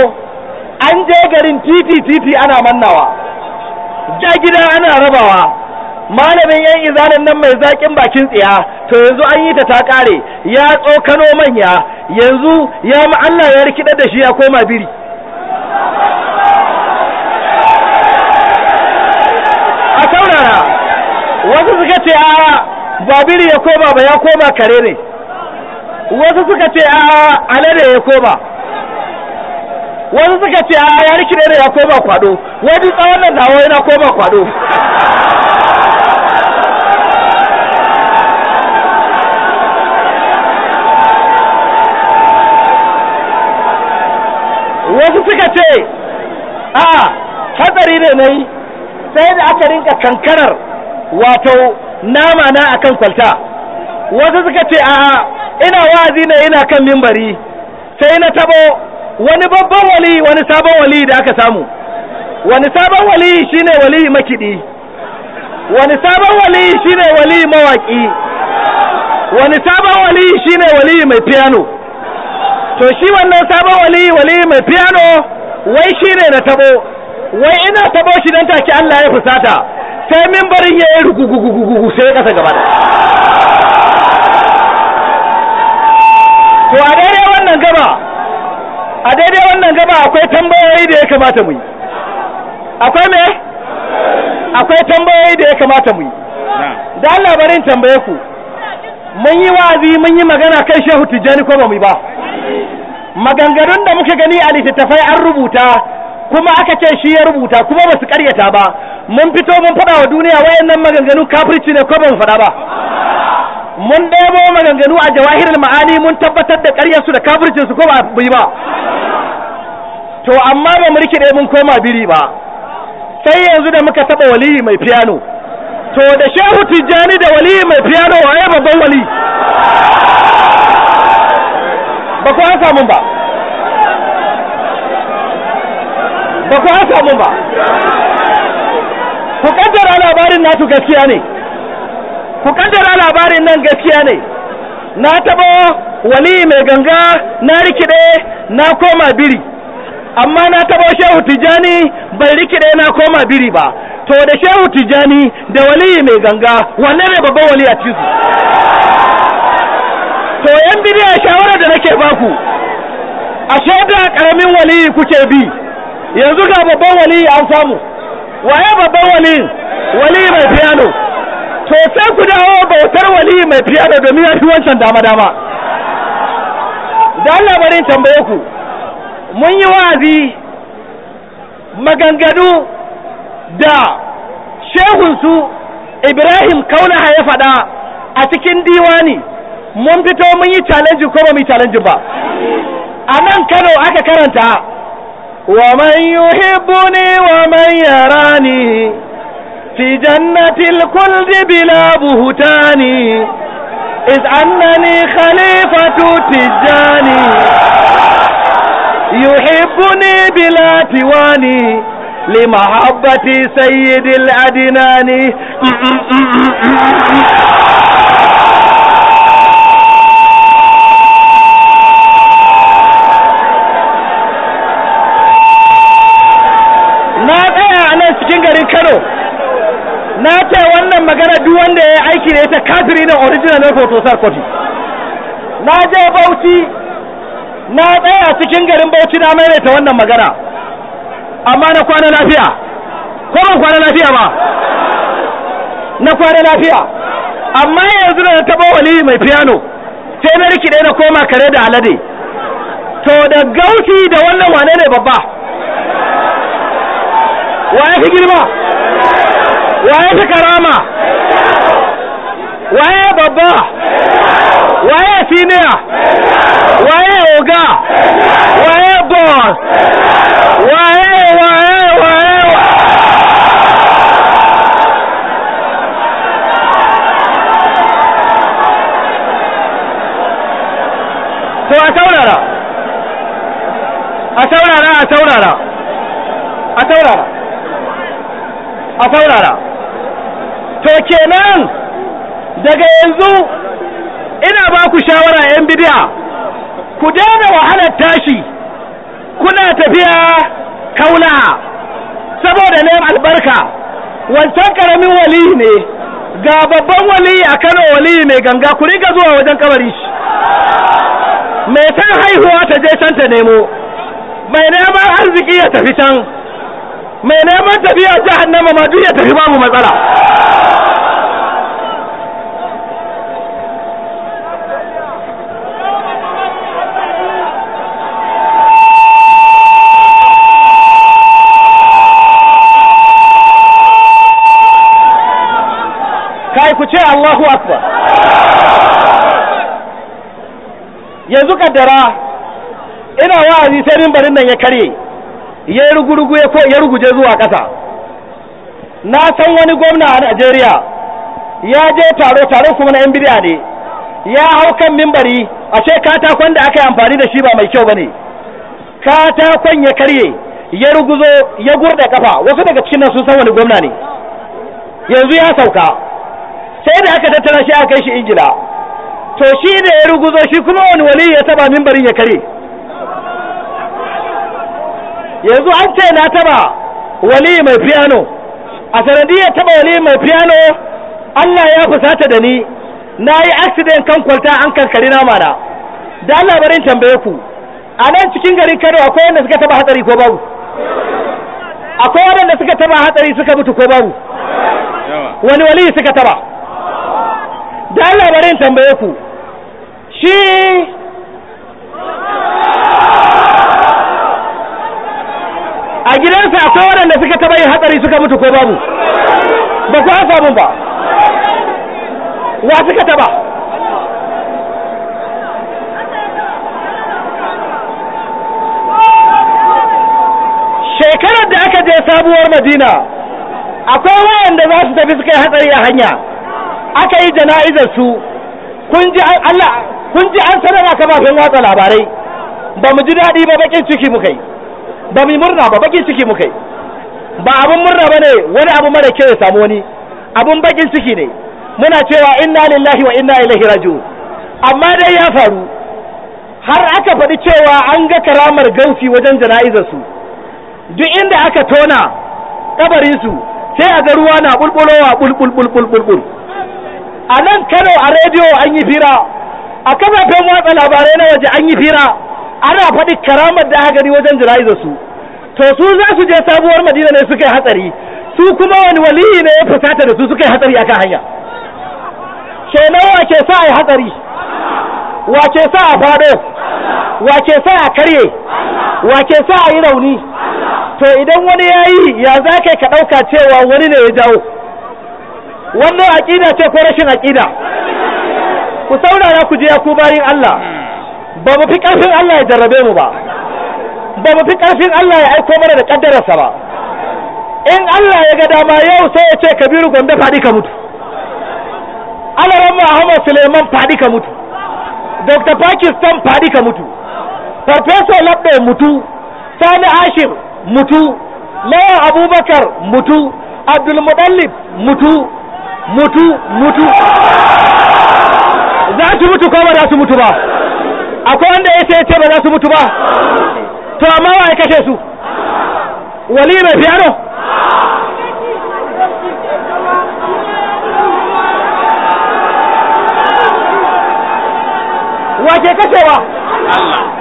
D: an je garin titi titi ana mannawa ja gida ana rabawa malamin yan izanin nan mai zaƙin bakin tsiya to yanzu an yi ta ta ƙare ya tsokano manya yanzu ya Allah ya rikidar da shi ya koma biri ce a babiri ya koma ba ya koma kare ne wasu suka ce a alade ya koma wasu suka ce a ya riki ne ya koma kwado wani tsawon nan nawa yana koma kwado wasu suka ce a hatsari ne na yi sai da aka rinka kankanar wato nama na akan kwalta wasu suka ce a'a ina wa'azi ne ina kan mimbari sai na tabo wani babban wali wani sabon wali da aka samu wani sabon wali shine wali makidi wani sabon wali shine wali mawaki wani sabon wali shine wali mai piano to shi wannan sabon wali wali mai piano wai shine na tabo wai ina tabo shi dan take Allah ya fusata sai mimbarin ya yi rugugugugugu sai kasa gaba da to a daidai wannan gaba a daidai wannan gaba akwai tambayoyi da ya kamata mu yi akwai me akwai tambayoyi da ya kamata mu yi da Allah barin tambaye ku mun yi wazi mun yi magana kai shehu tijjani ko ba mu yi ba maganganun da muka gani a littattafai an rubuta kuma aka ce shi ya rubuta kuma ba su karyata ba mun fito mun faɗa wa duniya wayannan maganganu kafirci ne ko ba mu faɗa ba mun ɗebo maganganu a jawahirul ma'ani mun tabbatar da ƙaryar su da kafircin su ko ba yi ba to amma ba mu rikide mun koma biri ba sai yanzu da muka taɓa waliyi mai fiyano to da shehu tijjani da waliyi mai fiyano waye babban wali ba ku an samu ba ba ku haka mun ba ku kaddara labarin nasu gaskiya ne ku kaddara labarin nan gaskiya ne na taba wali mai ganga na rikide na koma biri amma na taba shehu tijani bai rikide na koma biri ba to da shehu tijani da wali mai ganga wanne ne babban wali a cikin to yan bidiya shawara da nake baku ashe da ƙaramin wali kuke bi yanzu ga babban wali an samu waye babban wali wali mai piano to sai ku dawo bautar wali mai piano domin ya fi wancan dama dama da Allah bari tambaye ku mun yi wa'azi maganganu da shehun su Ibrahim Kaunaha ya faɗa a cikin diwani mun fito mun yi challenge ko ba mu yi challenge ba a nan Kano aka karanta ومن يحبني ومن يراني في جنة الكلد بلا بهتاني إذ أنني خليفة تجاني يحبني بلا تواني لمحبة سيد الأدناني Kano na ce wannan magana duk wanda ya yi aiki da ita kafiri ne original ne photosar kotu na je Bauchi na tsaya cikin garin Bauchi na ta wannan magana amma na kwana lafiya ko ban kwana lafiya ba na kwana lafiya amma yanzu da na taɓa wali mai piano sai na rikide na koma kare da alade to da gauti da wannan wane ne babba wa ya fi girma وهي كرامة وهي بابا وهي سينيا وهي اوغا
C: وهي بوس وهي وهي وهي
D: سو لا اتولارا لا اتولارا لا to kenan daga yanzu ina ba ku shawara 'yan bidiya ku daina wahalar tashi kuna tafiya kaula saboda neman albarka wancan karamin wali ne ga babban wali a kano wali mai ganga ku riga zuwa wajen kabari shi mai san haihuwa ta je can ta nemo mai neman arziki ya tafi can mai neman tafiya jahannama ma duk ya tafi babu matsala kai ku ce Allahu akbar yanzu kaddara ina wa'azi sai barin nan ya karye ya rugurugu ya ko ya ruguje zuwa ƙasa na san wani gwamna a Najeriya ya je taro taro kuma na yan birya ne ya hau kan mimbari a ce katakon da aka yi amfani da shi ba mai kyau ba ne. katakon ya karye ya ruguzo ya gurda ƙafa, wasu daga cikin nan sun san wani gwamna ne yanzu ya sauka sai da aka tattara shi aka kai shi ingila to shi da ya ruguzo shi kuma wani wali ya taba mimbarin ya karye yanzu an ce na taba wali mai piano a sanadiyar taba wali mai piano Allah ya fusata da ni na yi accident kan kwalta an kankari na mana da labarin tambaye ku a nan cikin garin Kano akwai wanda suka taba hatsari ko babu akwai wanda suka taba hatsari suka mutu ko babu wani wali suka taba da labarin tambaye ku shi a gidansa akwai waɗanda suka taɓa yin hatsari suka mutu ko babu ba ku haka ba wa suka taɓa shekarar da aka je sabuwar madina akwai waɗanda za su tafi suka yi hatsari a hanya aka yi jana'izar su kun ji an sanar aka kamafin watsa labarai ba mu ji daɗi ba bakin ciki muka yi ba mu murna ba bakin ciki muka yi ba abun murna ba ne wani abu mara kyau ya samu wani abun bakin ciki ne muna cewa inna lillahi wa inna ilaihi raji'un amma dai ya faru har aka faɗi cewa an ga karamar gausi wajen jana'izarsu duk inda aka tona kabarinsu sai a ga ruwa na bulbulowa bulbulbulbulbul a nan kano a rediyo an yi fira a kafafen watsa labarai na waje an yi fira ana faɗi karamar da aka gani wajen jana'izarsu to su za su je sabuwar madina ne suka yi hatsari su kuma wani waliyi ne ya fusata da su suka yi hatsari akan hanya ke wa ke sa a yi hatsari wa sa a fado wa sa a karye wa sa a yi rauni to idan wani ya yi ya za ka ka ɗauka cewa wani ne ya jawo wannan aƙida ce ko rashin aƙida ku saurara ku je ku bayin Allah ba mu fi ƙarfin Allah ya jarrabe mu ba
C: ba mu fi ƙarfin Allah ya
D: aiko mana da ƙaddararsa ba in Allah ya ga dama yau sai ya ce kabiru gambe faɗi ka mutu
C: alaran Muhammad
D: Suleiman faɗi ka mutu Dr. Pakistan faɗi ka mutu Farfesa Labbe mutu Sani Ashir mutu Lawan Abubakar mutu Abdulmudallib mutu mutu mutu za su mutu ko ba za su mutu ba akwai wanda ya ce ba za su mutu ba to amma wa ya kashe su wali mai fiyano wake kashewa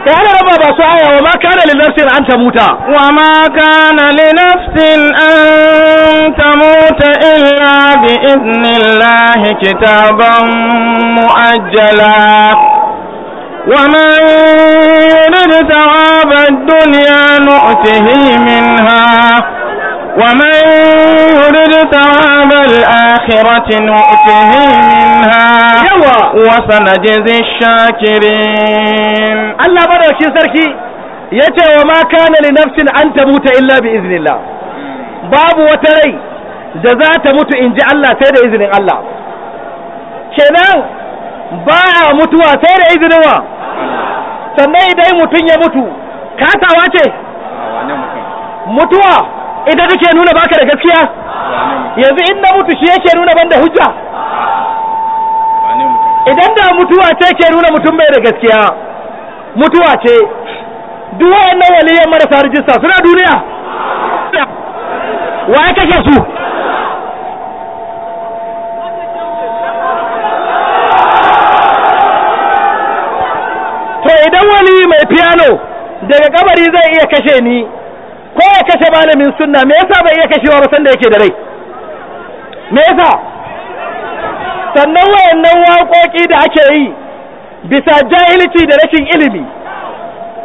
D: ya ana raba ba su aya wa ma kana li nafsin an tamuta wa ma kana li nafsin an
B: tamuta illa bi idnillahi kitaban muajjala ومن يرد ثواب الدنيا نؤته منها ومن يرد ثواب الآخرة نؤته منها
D: وسنجزي الشاكرين الله بدأ شيء سركي yace wa ma kana li an tamuta illa bi iznillah babu wata rai da za ta mutu in ji Allah sai da izinin Allah kenan ba a mutuwa sai da izinin wa sannan idan mutum ya mutu kasawa ce mutuwa idan take nuna baka da gaskiya yanzu in na mutu shi yake nuna ban da hujja idan da mutuwa ce ke nuna mutum bai da gaskiya mutuwa ce duk wayannan waliyan marasa rijista suna duniya wa ya kashe su wani mai piano daga kabari zai iya kashe ni ko ya kashe malamin sunna me yasa bai iya kashewa ba sanda yake da rai me yasa sannan wayannan waƙoƙi da ake yi bisa jahilci da rashin ilimi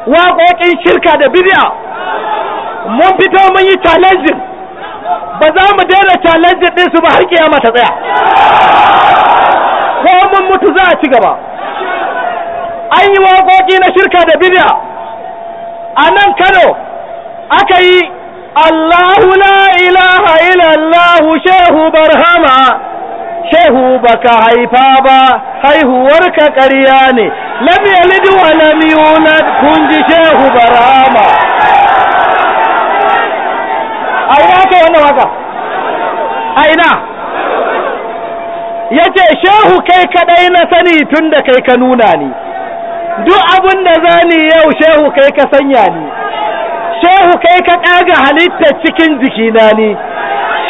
D: waƙoƙin shirka da bid'a mun fito mun yi challenge ba za mu daina challenge din su ba har kiyama ta tsaya ko mun mutu za a ci gaba an yi waƙoƙi na shirka da bid'a a nan kano aka yi allahu la ilaha illallahu shehu barhama shehu baka haifa ba haihuwar ka ƙarya ne lam yalid wa lami na kun shehu barhama a ina yi waka a ina yace shehu kai kadai na sani tun da kai ka nuna ni duk abin da zani yau shehu kai ka sanya ni shehu kai ka ɗaga halittar cikin jikina ni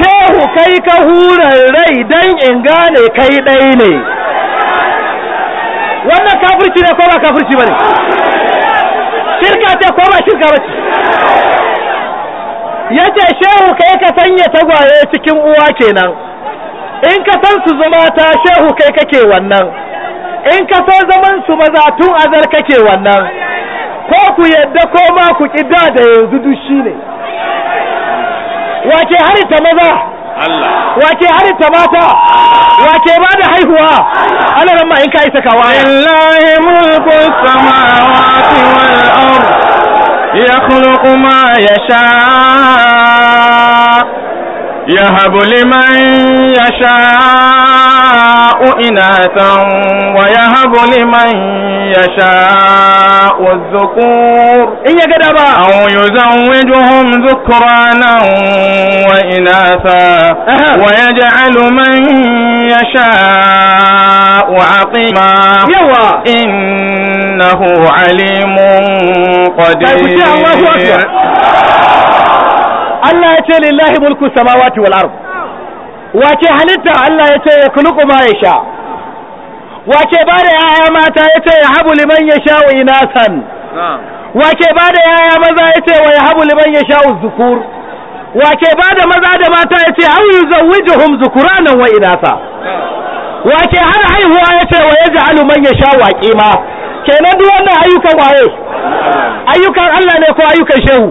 D: shehu kai ka hura rai don in gane kai ɗai ne wannan kafirci ne ko ba kafirci ba ne shirka ce ko ba shirka ba ce ya shehu kai ka sanya tagwaye cikin uwa kenan in ka san su zama ta shehu kai kake wannan in ka so zaman su maza tun azar kake wannan ko ku yadda ko ma ku kida da yanzu duk wake wace harita maza Allah wace harita mata wake ba da haihuwa Allah ran ma in kai saka waya lillahi mulku samawati wal ard
B: yakhluqu ma yasha يهب لمن يشاء إناثا ويهب لمن يشاء الذكور إن يقدر أو يزوجهم ذكرانا وإناثا ويجعل من يشاء عقيما إنه عليم قدير
D: Allah ya ce lillahi mulku samawati wal ard wace halitta Allah ya ce ya kulqu ma yasha wace ba da yaya mata ya ce ya habu liman yasha wa inasan wace ba da yaya maza ya ce wa ya habu liman wa zukur wace ba da maza da mata ya ce aw yuzawwijuhum zukuranan wa inasa wace har haihuwa ya ce wa yaj'alu man yasha wa qima kenan duk wannan ayyukan waye ayyukan Allah ne ko ayyukan shehu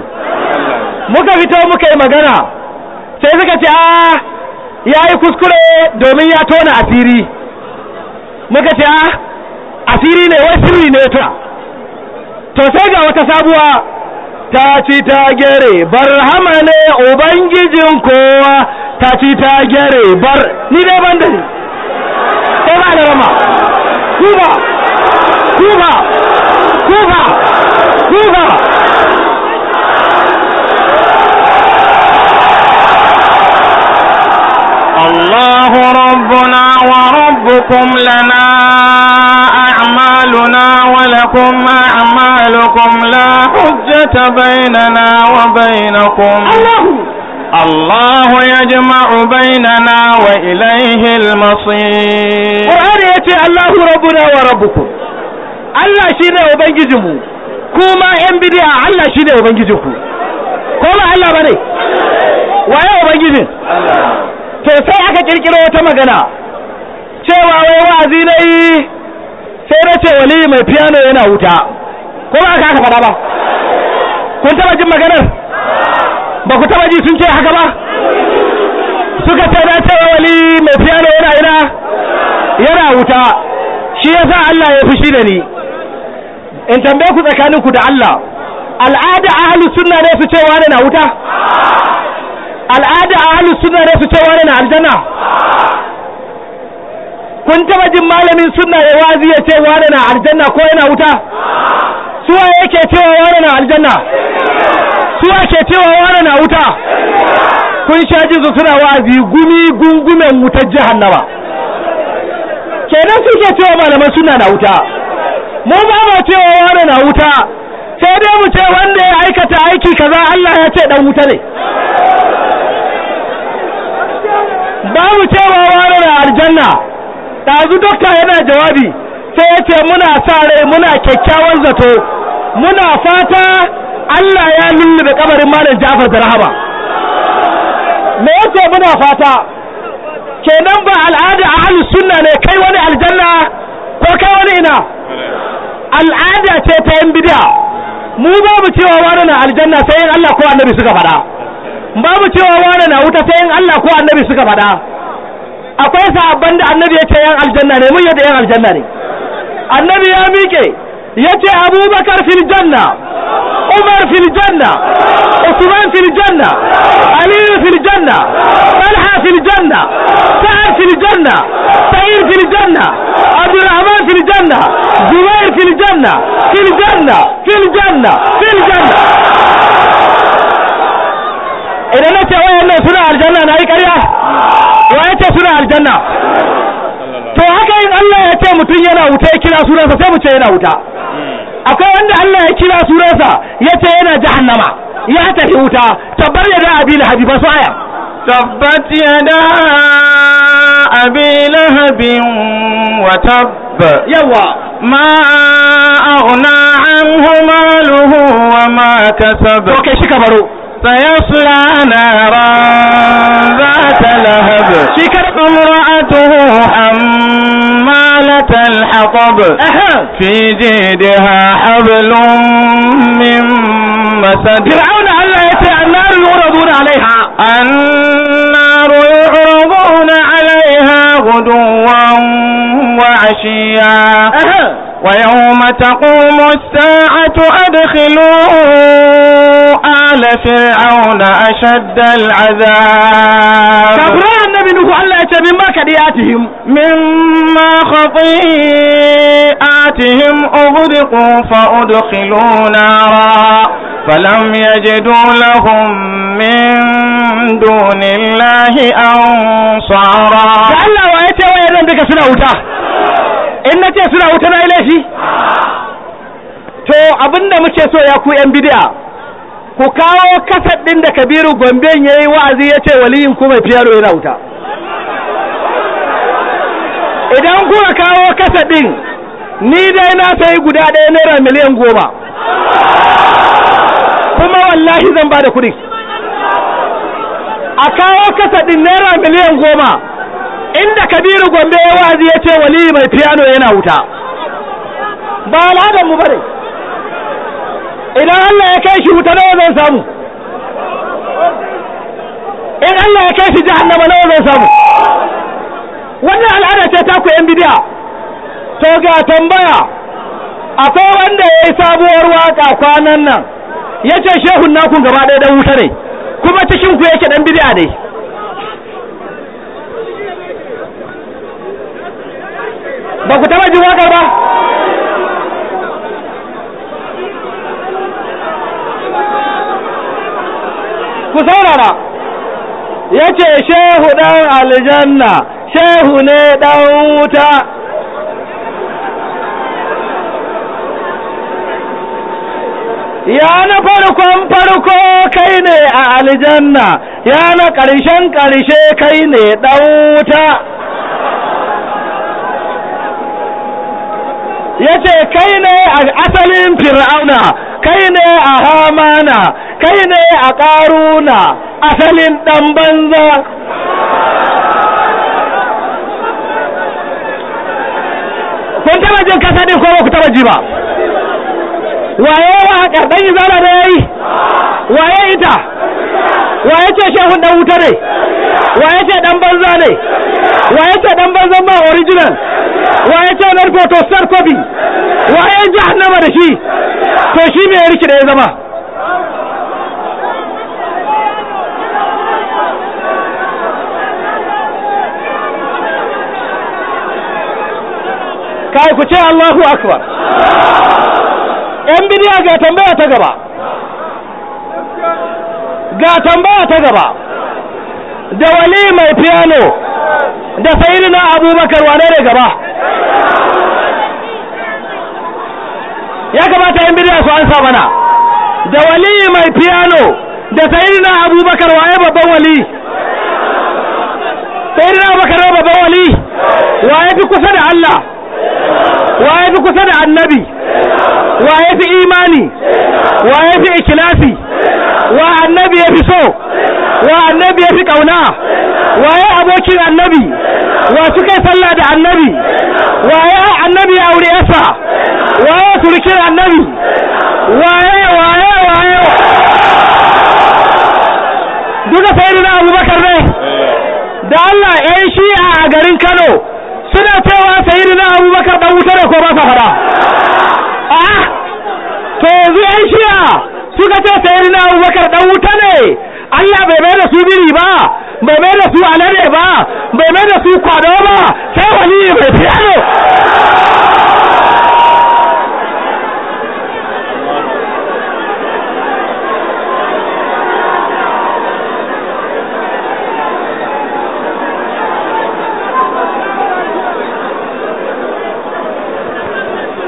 D: muka fito muka yi magana sai suka ce a ah, ya yi kuskure domin ya tona asiri muka ce a ah, asiri ne wai sirri ne ta to sai ga wata sabuwa ta ci ta gere barhama ne ubangijin kowa
C: ta ci ta gere bar
D: ni dai ban da ni sai ba da rama kuba kuba kuba kuba
B: ربنا وربكم لنا أعمالنا ولكم أعمالكم لا حجة بيننا وبينكم الله يجمع
D: بيننا وإليه المصير وأريتي الله ربنا وربكم الله شيرا وبنجزمو كما ينبدي الله شيرا وبنجزكم كما الله بني وأيه وبنجزم الله to sai aka kirkiro wata magana cewa wai wa'azi na yi sai na ce wali mai piano yana wuta ko ba aka aka faɗa ba kun taba jin maganar ba ku taba ji sun ce haka ba suka ce na ce wali mai piano yana ina yana wuta shi yasa Allah ya fushi da ni in tambaye ku tsakaninku da Allah al'ada ahlus sunna ne su cewa na wuta al'ada halin suna da su ce wani na aljanna kun taba jin malamin suna ya wazi ya ce wani na aljanna ko yana wuta suwa yake cewa wani na aljanna suwa ke cewa wani na wuta kun sha jin su suna wazi gumi gungumen wutar jahannama kenan suke cewa malaman suna na wuta mu ba ma cewa wani na wuta sai dai mu ce wanda ya aikata aiki kaza Allah ya ce dan wuta ne babu cewa wani na aljanna ɗazu dukkan yana jawabi sai yace muna sa rai muna kyakkyawan zato muna fata Allah ya da kabarin malam Jafar da rahama me yace muna fata kenan ba al'ada ahlus sunna ne kai wani aljanna ko kai wani ina al'ada ce ta yan bid'a mu babu cewa wani na aljanna sai Allah ko annabi suka faɗa babu cewa wane na wuta sai in Allah ko annabi suka faɗa akwai sahabban da annabi ya ce yan aljanna ne mun yadda yan aljanna ne annabi ya miƙe ya ce abubakar fil janna umar fil janna usman fil janna ali fil janna talha fil janna sa'ad fil janna filjanna, fil janna abdurrahman fil janna zubair fil janna fil janna fil janna fil janna idan na ce nan suna aljanna na yi ƙarya wa ya suna aljanna to haka in Allah ya ce mutum yana wuta ya kira sunansa sai mu ce yana wuta akwai wanda Allah ya kira sunansa yace ce yana jahannama ya tafi wuta tabbar ya da abin habiba su aya tabbat ya da abin lahabin wa tabb
B: yawa ma aghna anhu maluhu wa ma kasab to kai shi ka baro فيصلى نارا ذات لهب شكرت امرأته حمالة الحطب في جيدها حبل من مسد فرعون على النار يعرضون عليها آه. النار يعرضون عليها غدوا وعشيا ويوم تقوم الساعة أدخلوا آل فرعون أشد العذاب
D: كبر النبي نوح الله يتي مما كدياتهم مما خطيئاتهم أغرقوا فأدخلوا نارا
B: فلم يجدوا لهم من دون الله
D: أنصارا الله ويتي ويدن بك سنة وتا إن تي سنة وتا إليه to abinda muke so ya ku yan bid'a ku kawo kasar ɗin da kabiru gombe ya yi wa'azi ya ce waliyin kuma fiyaro yana wuta idan kuka kawo kasar ɗin ni dai na sayi guda ɗaya naira miliyan goma kuma wallahi zan ba da kuɗi a kawo kasar ɗin naira miliyan goma inda kabiru gombe ya wa'azi ya ce waliyi mai fiyano yana wuta ba al'adar mu bane idan Allah ya kai shi wuta nawa zan samu in Allah ya kai shi jahannama nawa zan samu wannan al'ada ce ta ku yan bidiya to ga tambaya akwai wanda ya yi sabuwar waka kwanan nan ya ce shehun nakun gaba ɗaya dan wuta ne kuma cikin ku yake ɗan bidiya ne
C: ba ku taɓa jin waka ba ku
D: saurara ya shehu ɗan aljanna shehu ne ɗan wuta ya na farkon farko kai ne a aljanna ya na ƙarshen ƙarshe kai ne ɗan wuta ya ce kai ne a asalin fir'auna kai ne a hamana kai ne a ƙaruna asalin ɗan banza kun taba jin kasa ne ko ku taɓa ji ba waye wa ƙarɗan yi zara da ya yi waye ita wa ya ce shehu ɗan wuta ne wa ya ce ɗan banza ne wa ya ce ɗan banzan ba original wa ya ce dan to star kobi wa ya jahannama da shi to shi me ya da ya zama kai ku ce Allahu akbar yan bidiya ga tambaya ta gaba ga tambaya ta gaba da wali mai piano da sayidina abubakar wane ne gaba ya kamata yin bidiya su an mana da wali mai piano da sayidina abubakar waye babban wali sayidina abubakar waye babban wali waye fi kusa da Allah waye fi kusa da annabi waye fi imani waye fi ikilasi wa annabi ya fi so wa annabi ya fi kauna waye abokin annabi wa su kai sallah da annabi waye annabi ya aure yasa waye turkin annabi waye waye waye duka sayyidina abubakar ne da Allah ya yi shi'a a garin Kano suna cewa sayyidina abubakar dan wuta ne ko ba sa fada a'a to yanzu yan suka ce sayar na abubakar dan wuta ne Allah bai mai da su biri ba bai mai da su alade ba bai mai da su kwado ba sai wani mai fiye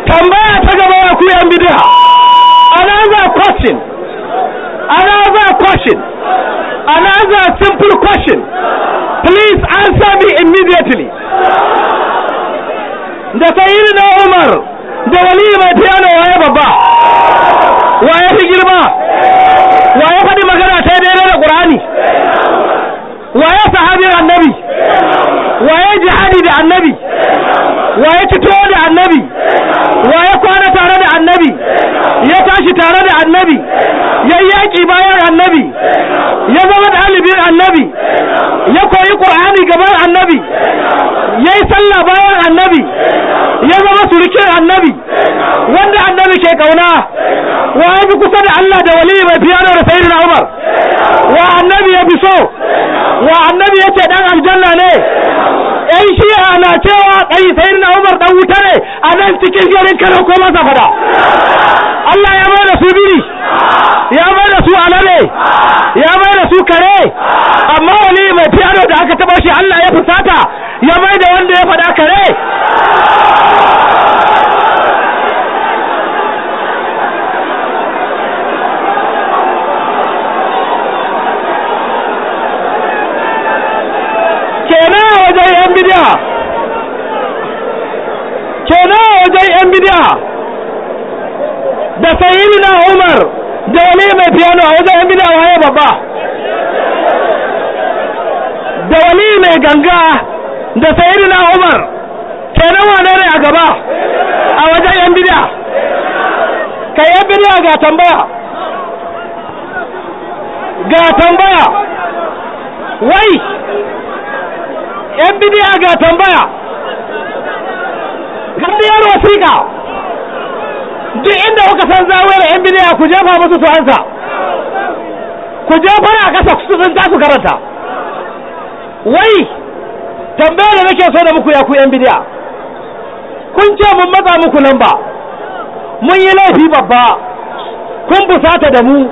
D: tambaya ta gaba ku yan bid'a question. Another question. Another simple question. Please answer me immediately. Da sayi na Umar da wali mai fiyano waye babba, waye fi girma, waye fadi magana ta daidai da Ƙur'ani, waye sahabin annabi, waye jihadi da annabi, wa ya ci tuwo da annabi wa ya kwana tare da annabi ya tashi tare da annabi ya yi yaƙi bayan annabi ya zama ɗalibin annabi ya koyi ƙur'ani gaban annabi ya yi sallah bayan annabi ya zama surukin annabi wanda annabi ke kauna wa ya fi kusa da Allah da wali mai fiye da sayyidina Umar wa annabi ya fi so wa annabi ya ce dan aljanna ne ɗan shi'a na cewa ɗan sayar na umar ɗan wuta ne a nan cikin shirin kano ko masa fada Allah ya mai su biri ya mai su alale ya mai su kare amma wani mai fiyano da aka taba shi Allah ya fusata ya mai da wanda ya fada kare bidiya ke a wajen yan bidiya da na Umar da wani mai piano a wajen yan bid'a waye babba da wani mai ganga da na Umar kenan wane ne a gaba a wajen yan bid'a kai yan bidiya ga tambaya ga tambaya wai yan bidiya ga tambaya kariyar wasiƙa duk inda kuka san zawiyar yan bidiya ku jefa musu su ansa ku jefa a kasa su ta su karanta wai tambaya da nake so da muku ya ku yan bidiya kun ce mun matsa muku lamba mun yi laifi babba kun busata da mu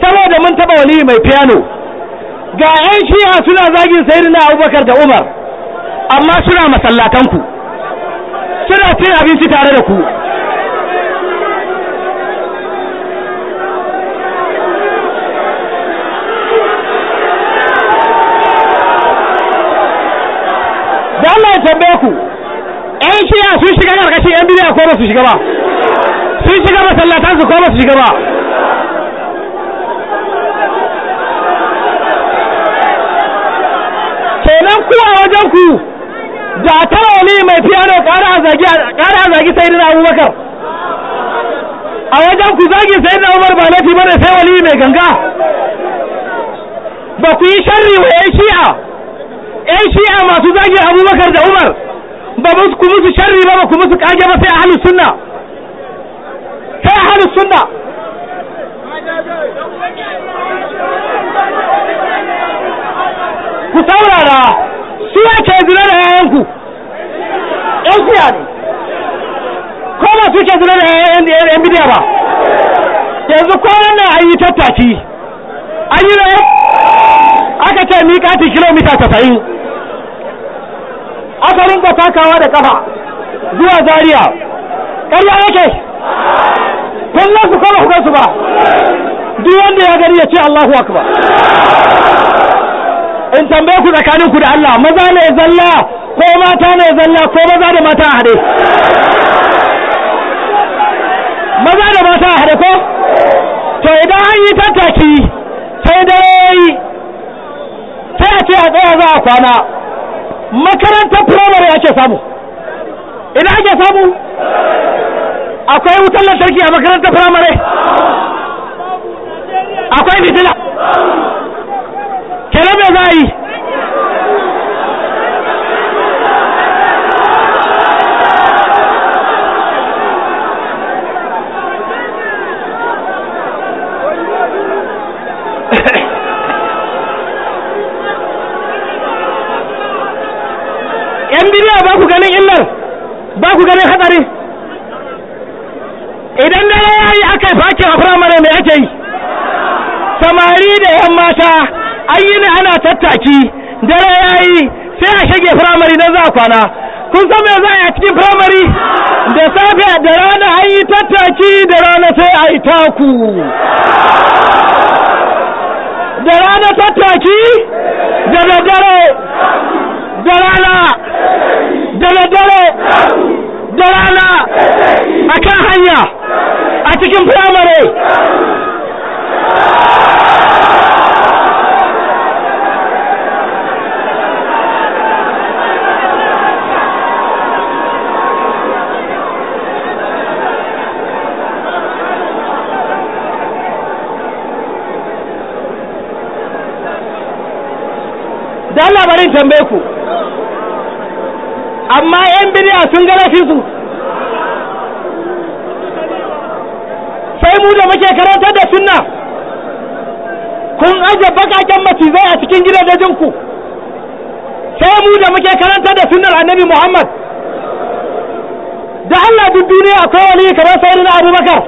D: saboda mun taɓa wali mai fiyano ga 'yan shi'a suna zagin sayyidina abubakar da umar amma suna masallatanku suna cin abinci tare da ku da Allah ya tambaye ku ‘yan shiya sun shiga ƙarƙashin ƴan bidiya ko ba su shiga ba sun shiga masallatansu ko ba su shiga ba wani mai fiyano ƙara a zagi sai na abubakar a wajen ku zagi sai na umar ba laifi bane sai wali mai ganga ba ku yi sharri wa yan shi'a yan shi'a masu zagi abubakar da umar ba ku musu sharri ba ba ku musu kage ba sai a halin sunna sai a halin sunna
C: ku saurara
D: su ake zina da yayanku yan kuya ne ba su ke zina da yan bidiya ba yanzu kwanan nan an yi tattaki an yi aka ce miƙatin kilomita tasa'in aka takawa da kafa zuwa zariya ƙarya yake kallon su kuma hukar su ba duk wanda ya gari ya ce Allahu akbar in tambaye ku tsakanin ku da Allah maza ne zalla ko mata ne zalla ko maza da mata a haɗe maza da mata a haɗe ko to idan an yi tattaki sai yi sai a ce a tsaya za a kwana makarantar firamare ake samu idan ake samu akwai wutar lantarki a makarantar firamare akwai fitila kenan me za a yi ku gane hadari idan da ya yi aka yi fakin a firamare mai ake yi samari da yan mata an yi ana tattaki dare ya yi sai a shige firamare don za a kwana kun san mai za a yi a cikin firamare da safe da rana an yi tattaki da rana sai a yi taku da rana tattaki da daddare da rana da daddare da rana
C: a kan hanya a cikin firamare
D: da Allah bari tambaye ku amma yan bidiya sun ga su sai mu da muke karantar da sunna kun aje bakaken macizai a cikin ku sai mu da muke karantar da sunnar annabi muhammad da allah duk duniya akwai wani kamar na abubakar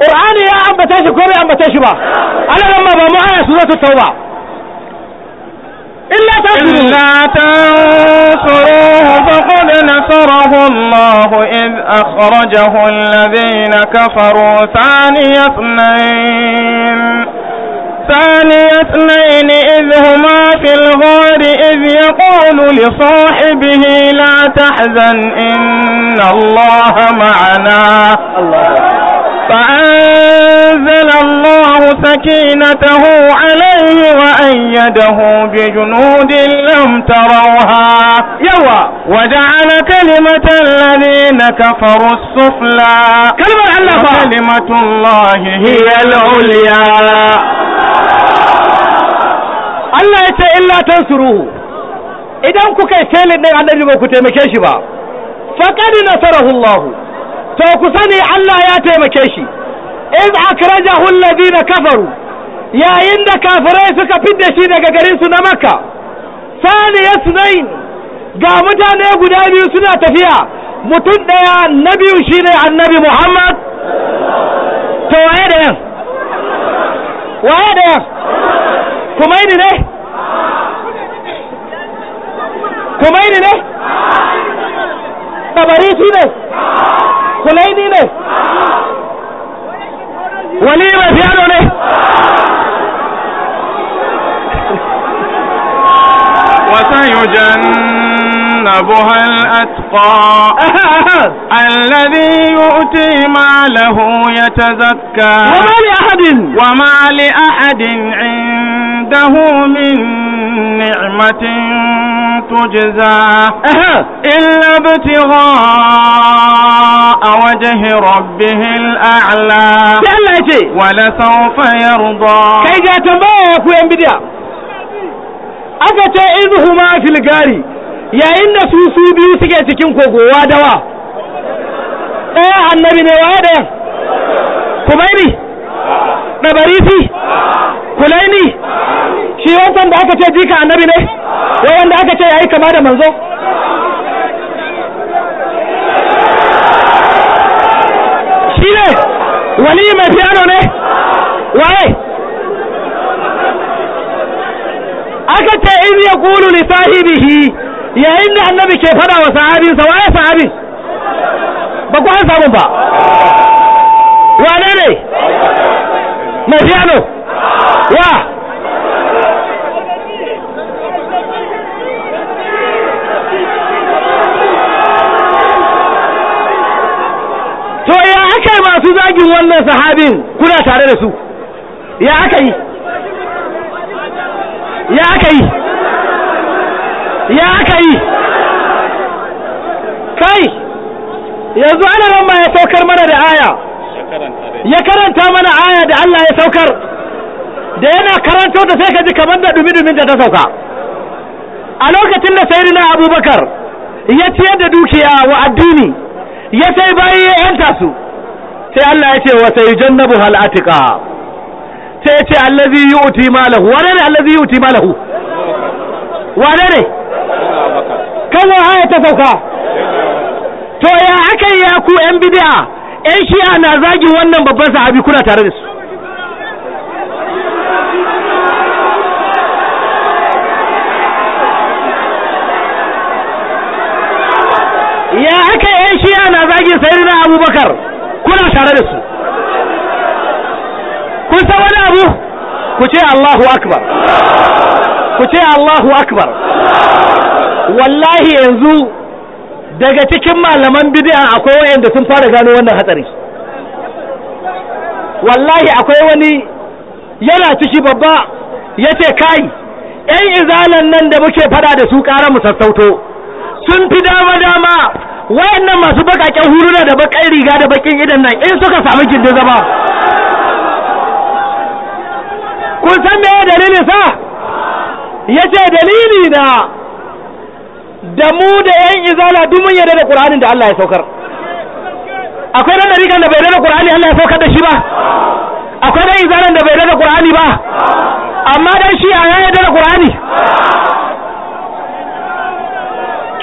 D: ƙur'ani ya ambata shi ko bai ambata shi ba ana ba mu aya su zata tauba إلا تنصروه فقد نصره الله
B: إذ أخرجه الذين كفروا ثاني اثنين ثاني اثنين إذ هما في الغار إذ يقول لصاحبه لا تحزن إن الله معنا الله فأنزل الله سكينته عليه وأيده بجنود لم تروها يوى وجعل كلمة الذين كفروا السفلى كلمة الله كلمة الله هي العليا
D: Allah ya ce illa tansuruhu idan kuka yi kelin din annabi ba ku taimake shi ba faqad nasarahu Allah to ku sani Allah ya taimake shi iz akrajahu alladhina kafaru yayin da kafirai suka fidda shi daga garin su na makka sani yasnain ga mutane guda biyu suna tafiya mutum daya na biyu shine annabi Muhammad to waye da yan waye da yan kuma ni ne kuma ni ne tabari shi ne खोलाइदिने ने वलीमे ध्यान
B: نے وسيجنبها الأتقى الذي يؤتي له يتزكى وما لأحد
D: وما لأحد
B: عنده من نعمة تجزى إلا ابتغاء
D: وجه ربه الأعلى ولسوف يرضى كي جاء تنبايا يا كوين بديا أكتا إذهما في القاري يا إن سوسو بيو سكي تكين وادوا ɗaya annabi ne wa ɗayan kumaini ɗabarisi kulaini shi wancan da aka ce jika annabi ne ko wanda aka ce yayi kama da manzo shi ne Wani mai fiyano ne waye aka ce in ya kulu li sahibihi yayin da annabi ke fada wa sa waye sahabin ba ku an samu ba wane ne mai ya yeah. masu zagin wannan sahabin kuna tare da su ya aka yi ya aka yi ya aka yi kai yanzu ana nan ya saukar mana da aya ya karanta mana aya da Allah ya saukar da yana karanta da sai ka ji kamar da dumi-dumin ta sauka a lokacin da sayyidina abubakar ya ciyar da dukiya wa addini ya sai bayi ya yanta su sai Allah ya ce wa sai jannabu hal atika sai ya ce allazi yu'ti malahu wane ne allazi yu'ti malahu wane ne kaza haya ta sauka to ya aka ya ku yan bid'a yan shi'a na zagin wannan babban sahabi kuna tare da su ya aka yan shi'a na zagin sayyidina abubakar kuna tare da su kun san wani abu ku ce Allahu akbar ku ce Allahu akbar wallahi yanzu daga cikin malaman bid'a akwai wanda sun fara gano wannan hatsari wallahi akwai wani yana ciki babba yace kai yan izalan nan da muke fada da su ƙara mu sassauto sun fi dama dama wayannan masu bakaken huluna da bakai riga da bakin idan nan in suka samu gindin zama kun san me dalilin sa yace dalili na da mu da yan izala duk mun yarda da Qur'anin da Allah ya saukar akwai dan dariƙan da bai da Qur'ani Allah ya saukar da shi ba akwai dan izalan da bai da Qur'ani ba amma dan shi ya yarda da Qur'ani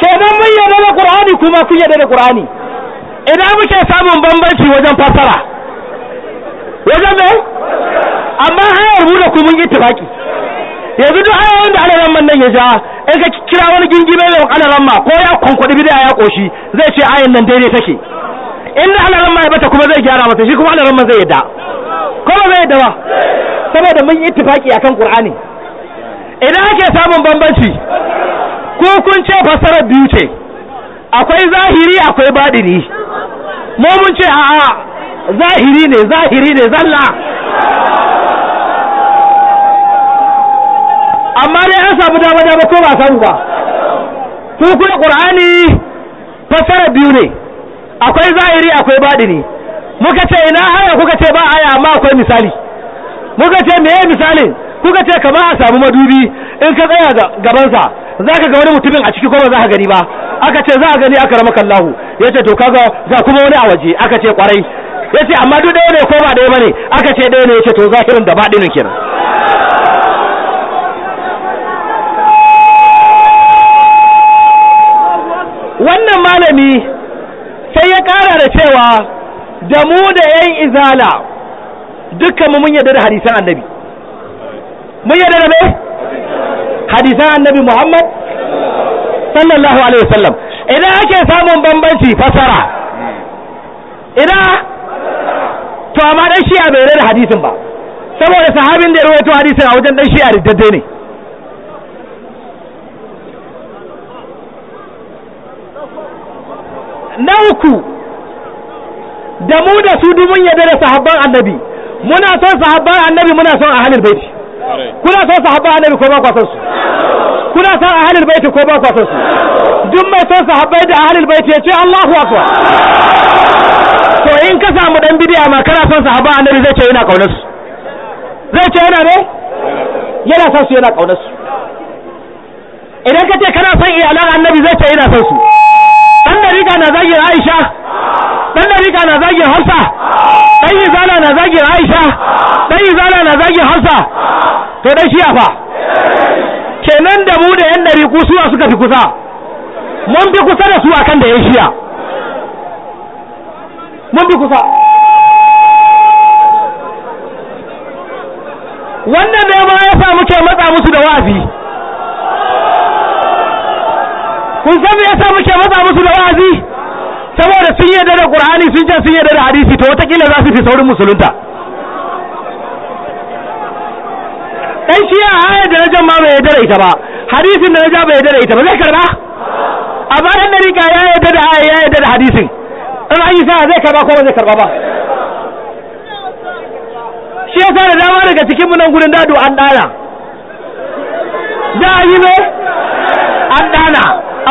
D: kenan mun yarda da Qur'ani kuma kun yarda da Qur'ani idan muke samun bambanci wajen fassara wajen me amma ayar mu da ku mun tabaki yanzu duk ayoyin da Allah man nan ya ja in ka kira wani gingime mai Allah ma ko ya konkwadi bidaya ya koshi zai ce ayan nan daidai take inda Allah ma ya bata kuma zai gyara mata shi kuma Allah man zai yadda ko ba zai yadda ba saboda mun yi tabaki akan Qur'ani idan ake samun bambanci ko kun ce fasarar biyu ce akwai zahiri akwai baɗini mu mun ce a'a zahiri ne zahiri ne zalla amma dai an samu dama dama ko ba samu ba su ƙur'ani qur'ani fasarar biyu ne akwai zahiri akwai baɗini muka ce ina haya kuka ce ba haya amma akwai misali muka ce meye misalin kuka ce kamar a samu madubi in ka tsaya gabansa za ka ga wani mutumin a ciki ko ba za ka gani ba aka ce za a gani aka rama kallahu ya ce to kaga ga kuma wani a waje aka ce kwarai ya ce amma duk ɗaya ne ko ba ɗaya ba ne aka ce ɗaya ne ya ce to zahirin da baɗinin kenan wannan malami sai ya ƙara da cewa da mu da yan izala dukkan mu mun yarda da hadisan annabi mun yarda da mai hadisan annabi Muhammad sallallahu alaihi wasallam idan ake samun bambanci fasara idan to amma dan shi'a bai rera hadisin ba saboda sahabin da ya rawaito hadisin a wajen dan shi'a dai ne na uku da mu da su dubun yadda da sahabban annabi muna son sahabban annabi muna son ahlul baiti kuna son sahaba annabi ko ba kwasan su kuna son ahlul bait ko ba kwasan su duk mai son sahabbai da ahlul bait ya ce Allahu akbar to in ka samu dan bidiya ma kana son sahaba annabi zai ce yana kaunar su zai ce yana ne yana son su yana kaunar su idan ka ce kana son iyalan annabi zai ce yana son su dan dariƙa na zagin Aisha dan dariƙa na zagin Hafsa dan izala na zagin Aisha dan izala na zagin Hafsa to dai shi fa kenan da mu da yan dari ku su suka fi kusa mun fi kusa da su akan da yan shiya mun fi kusa wannan da ya ma ya sa muke matsa musu da wa'azi kun san me sa muke matsa musu da wa'azi saboda sun yi da Qur'ani sun ce sun yi da hadisi to kila za su fi saurin musulunta dan shi a ayar da na jan ma bai yarda da ita ba hadisin da na bai yarda da ita ba zai karba a bayan da rika ya yarda da ayar ya yarda da hadisin in an yi sa zai karba ko ba zai karba ba
C: shi yasa da dama daga
D: cikin mu nan gurin dado an dana da yi ne an dana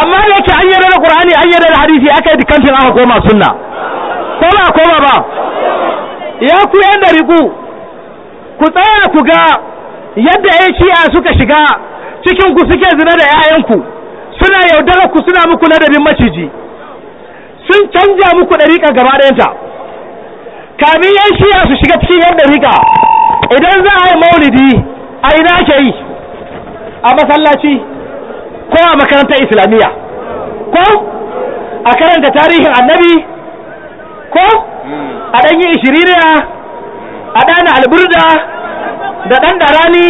D: amma yake an yarda da qur'ani an yarda da hadisi aka yi dikantin aka koma sunna ko ba koma ba ya ku yan da riku ku tsaya ku ga yadda ya shi'a suka shiga cikin ku suke zina da 'ya'yanku suna yaudara ku suna muku ladabin maciji sun canja muku ɗariƙa gaba ɗayanta kamin yan shi'a su shiga cikin yan ɗariƙa idan za a yi maulidi a ina ke yi a masallaci ko a makarantar islamiyya ko a karanta tarihin annabi ko a ɗanyi ishiriniya a ɗana alburda da ɗan da rani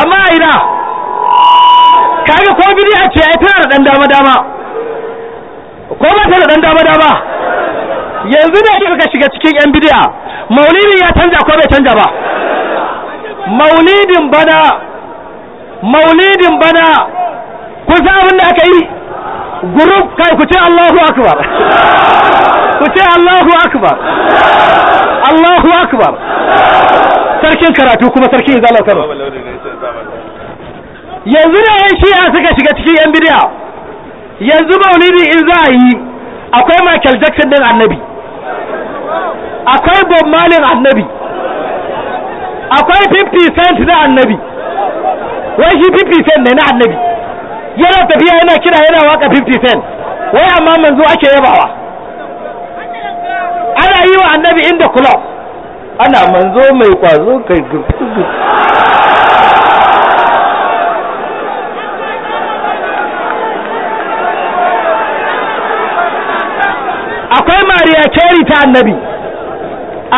D: amma ina kaga ko bidi a ce ai tana da ɗan dama dama ko ba ta da ɗan dama dama yanzu da ake ka shiga cikin yan bidiya maulidin ya canja ko bai canja ba maulidin bana maulidin bana kun san abin da aka yi group kai ku ce Allahu akbar ku ce Allahu akbar Allahu akbar sarkin karatu kuma sarkin izala karo yanzu da yan shi'a suka shiga cikin yan bidiya yanzu maulidi in za a yi akwai Michael Jackson din annabi akwai Bob Marley annabi akwai 50 cent na annabi wai shi 50 cent ne na annabi yana tafiya yana kira yana waka 50 cent wai amma manzo ake yabawa ana yi wa annabi inda kula ana manzo mai kwazo kai akwai mariya keri ta annabi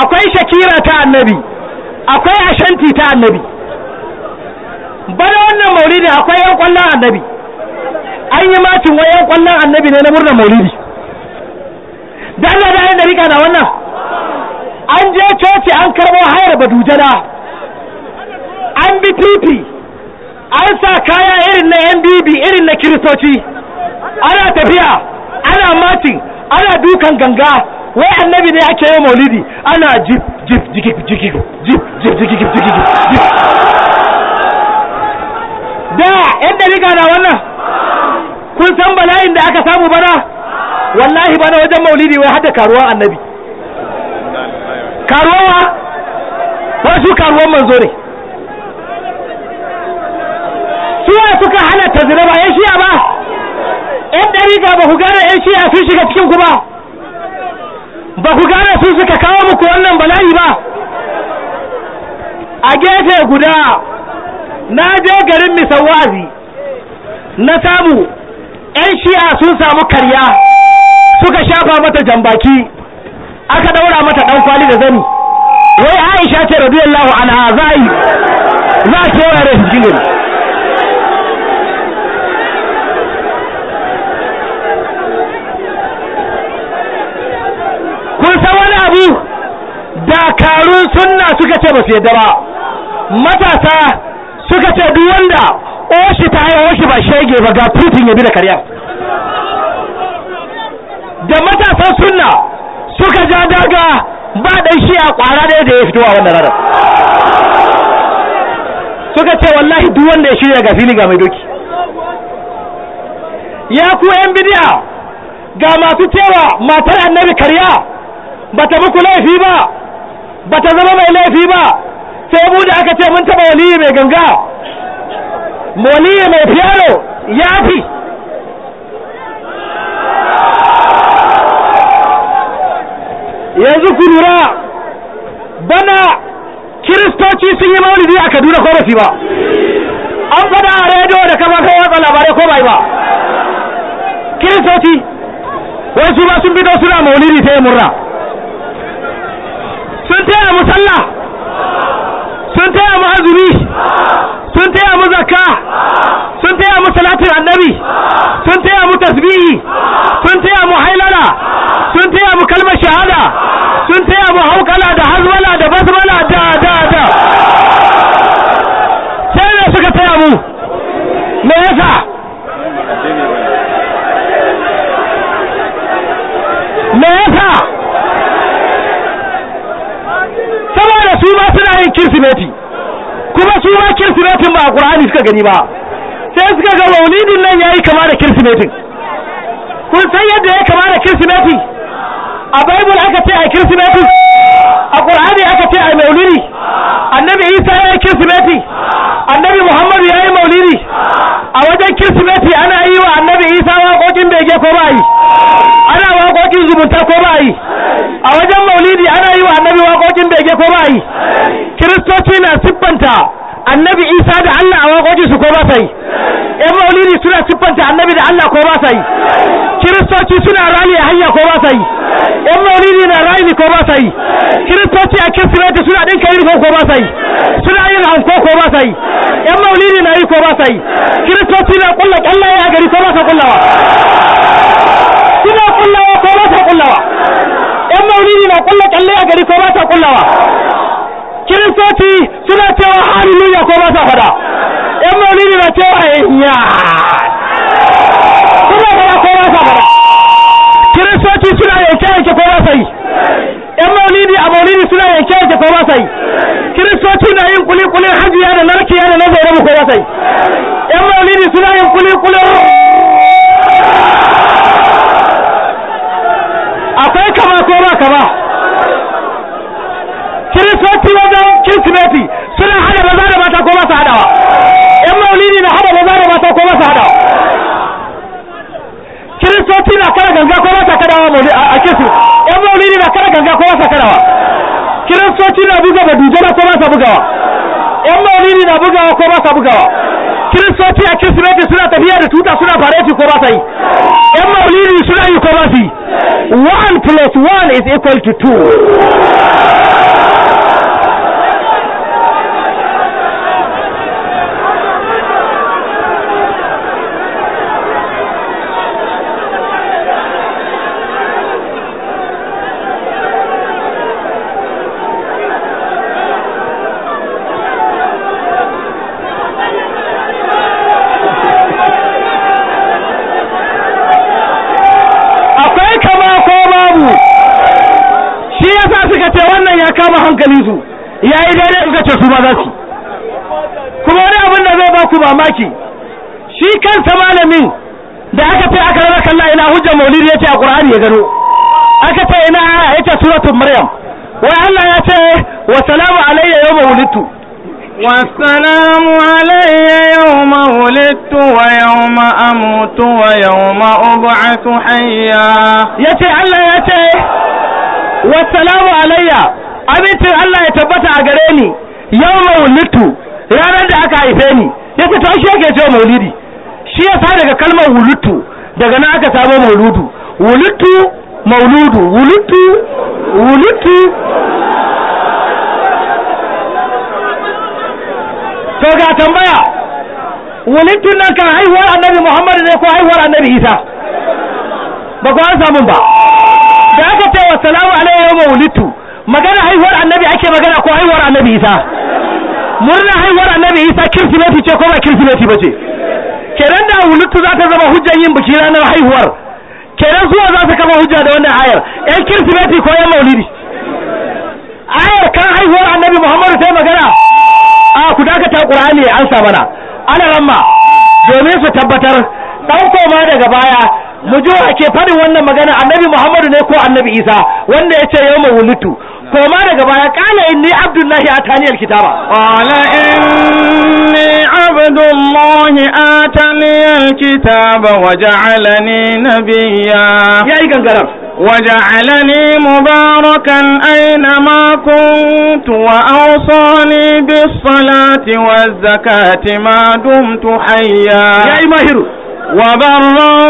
D: akwai shakira ta annabi akwai ashanti ta annabi bana wannan maulidi akwai yan kwallon annabi an yi matin wayan kwallon annabi ne na murna maulidi da Allah da da rika da wannan an je coci an karbo hayar badujada an bi pipi an sa kaya irin na yan bibi irin na kiristoci ana tafiya ana matin ana dukan ganga wai annabi ne ake yi maulidi ana jif jif jikik jikik jikik jikik da yan da na da wannan bala'in da aka samu bana wallahi bana wajen maulidi wai hada karuwa annabi karuwa su karuwan manzo ne ya suka halatta zira ba yan shiya ba yan dariga ba ku gane yan shiya sun shiga cikin ku ba ba ku gane sun suka kawo muku wannan bala'i ba a gefe guda na je garin misan wa'azi na samu 'yan shi'a sun samu karya suka shafa mata jambaki aka daura mata ɗan kwali da zani wai aisha ce radiyallahu anha
C: za yi za a kewaye da
D: kun san wani abu dakarun sunna suka ce ba su yadda ba matasa suka ce duk wanda oshi ta haihuwa shi ba shege ba ga putin ya bi da karya da matasan sunna suka ja daga ba dan shi a kwara da yadda ya fito a wannan ranar suka ce wallahi duk wanda ya shirya ga fili ga mai doki ya ku yan bidiya ga masu cewa matar annabi karya ta muku laifi ba ba ta zama mai laifi ba sai mu da aka ce mun taba waliyi mai ganga waliyi mai fiyaro ya fi yanzu ku lura bana kiristoci sun yi maulidi a kaduna ko basi ba an fada a rediyo da kama kan watsa labarai ko bai ba kiristoci wasu ba sun fito suna maulidi ta yi murna sun taya musalla sun taya mu azumi sun taya mu zakka sun taya mu salatin annabi sun taya mu tasbihi sun taya mu hailala sun taya mu kalmar shahada sun taya mu haukala da hazbala da basmala da da suna yin kirsimeti kuma su ma kirsimetin ba a ƙur'ani suka gani ba sai suka ga maulidin nan ya yi kama da kirsimetin kun san yadda ya kama da kirsimeti a bible aka ce a kirsimeti a qur'ani aka ce a maulidi annabi isa ya yi kirsimeti annabi muhammadu ya yi maulidi a wajen kirsimeti ana yi wa annabi isa waƙoƙin bege ko ba yi ana waƙoƙin zumunta ko ba yi a wajen maulidi ana yi wa annabi waƙoƙin bege ko ba yi kiristoci na siffanta annabi isa da allah a waƙoƙi su ko ba sa yi yan maulidi suna siffanta annabi da allah ko ba sa yi kiristoci suna rali a hanya ko ba sa yi yan maulidi na rali ko ba sa yi kiristoci a kirsimeti suna ɗinka yin ko ba sa yi suna yin hanko ko ba sa yi yan maulidi na yi ko ba sa yi kiristoci na ƙulla ƙyallaye a gari ko ba sa ƙullawa suna ƙullawa ko ba sa ƙullawa yan maulidi na ƙulla ƙyallaye a gari ko ba sa ƙullawa kiristoci suna cewa hallelujah ko ba sa faɗa yan maulidi na cewa ya suna fada ko ba sa faɗa kiristoci suna yanke yanke ko ba sa yi yan maulidi a maulidi suna yanke yanke ko ba sa yi kiristoci na yin kuli kuli hajiya da narkiya da na zaune ko ba sa yi yan maulidi suna yin kuli kuli
C: akwai kama ko ba kama coci wajen kirsimeti suna
D: hada maza da mata ko masu hadawa yan maulidi na hada maza da mata ko masu hadawa kiristoci na kara ganga ko masa kadawa a kirsi yan maulidi na kara ganga ko masa kadawa kiristoci na buga da dujana ko masu bugawa yan maulidi na bugawa ko masu bugawa kiristoci a kirsimeti suna tafiya da tuta suna fareti ko masu yi yan maulidi suna yi ko masu yi one plus one is equal to two hankalinsu ya yi daidai suka ce su ba za su kuma wani abin da zai ba ku mamaki shi kansa malamin da aka ce aka rana kalla ina hujjar maulidi ya ce a ƙur'ani ya gano aka ce ina ya ce suratun maryam wai allah ya ce wa salamu alayya yau maulitu والسلام علي يوم ولدت ويوم أموت ya ce allah ya ce wa salamu alayya. abincin Allah ya tabbata a gare ni yau mawulitu ranar da aka haife ni ya fi to shi yake cewa maulidi shi ya sa daga kalmar wulutu daga nan aka samo mauludu wulutu mauludu wulutu wulutu to ga tambaya wulutu nan kan haihuwar annabi muhammadu ne ko haihuwar annabi isa ba ku an samun ba da aka ce wa salamu alaihi wa mawulutu. magana haihuwar annabi ake magana ko haihuwar annabi isa murna haihuwar annabi isa kirsimeti ce ko ba kirsimeti ba ce kenan da wulutu za ta zama hujjar yin biki ranar haihuwar kenan zuwa za ta kama hujja da wannan ayar yan kirsimeti ko yan maulidi ayar kan haihuwar annabi muhammadu sai magana a ku dakata qur'ani ya ansa mana ana ramma domin su tabbatar dan koma daga baya mu jo ake faɗin wannan magana annabi muhammadu ne ko annabi isa wanda ya ce yau mawulutu koma daga baya kala inni abdullahi atani alkitaba qala inni abdullahi atani
B: alkitaba wa ja'alani nabiyya yayi gangaram وجعلني مباركا أينما كنت وأوصاني بالصلاة والزكاة ما دمت حيا يا إماهر وبرا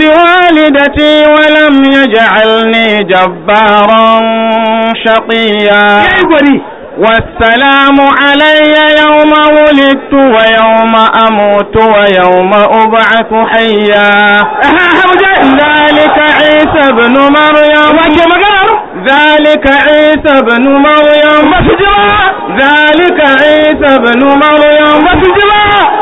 B: بوالدتي ولم يجعلني جبارا شقيا والسلام علي يوم ولدت ويوم أموت ويوم أبعث حيا ذلك عيسى بن مريم ذلك عيسى بن مريم ذلك عيسى بن مريم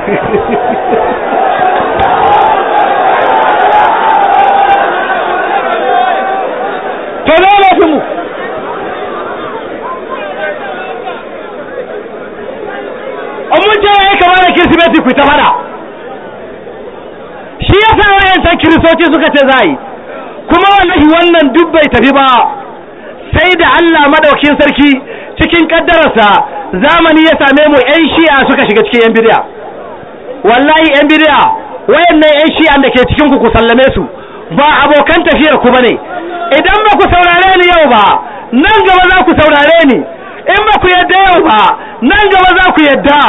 C: to
D: ne mu shi ya kiristoci suka ce za yi kuma wallahi wannan duk bai tafi ba sai da Allah maɗaukin sarki cikin ƙaddararsa zamani ya same mu 'yan shi'a suka shiga cikin 'yan bidiya wallahi yan bid'a wayannan yan shi'an da ke cikin ku ku sallame su ba abokan tafiyar ku bane idan ba ku saurare ni yau ba nan gaba za ku saurare ni in ba ku yadda yau ba nan gaba za ku yadda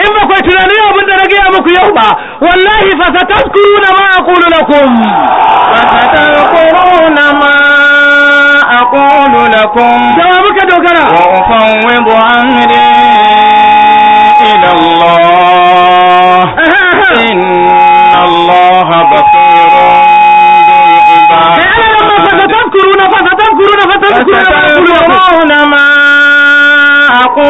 D: in ba ku tunani abin da na gaya muku yau ba wallahi fa satazkuruna ma aqulu lakum fa ma
B: aqulu lakum da muka dogara wa ufawwidu amri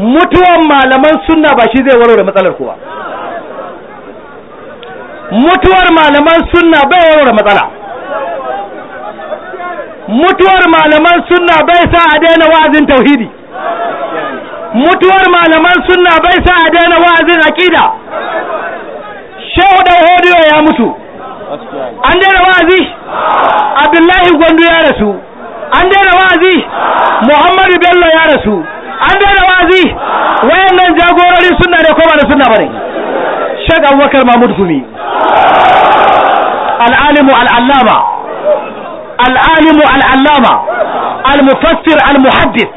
D: mutuwan malaman sunna ba shi zai warware matsalar kuwa. mutuwar malaman sunna bai warware matsala mutuwar malaman sunna bai sa a daina wa'azin tauhidi mutuwar malaman sunna bai sa a daina wa'azin aqida shehu da hodiyo ya mutu
C: an daina wa'azi
D: abdullahi gwandu ya rasu an daina wa'azi muhammadu bello ya rasu an daina wazi wayannan jagororin suna ne ko da suna bane Sheikh Abubakar Mahmud Gumi al-alim al-allama al mufassir al-muhaddith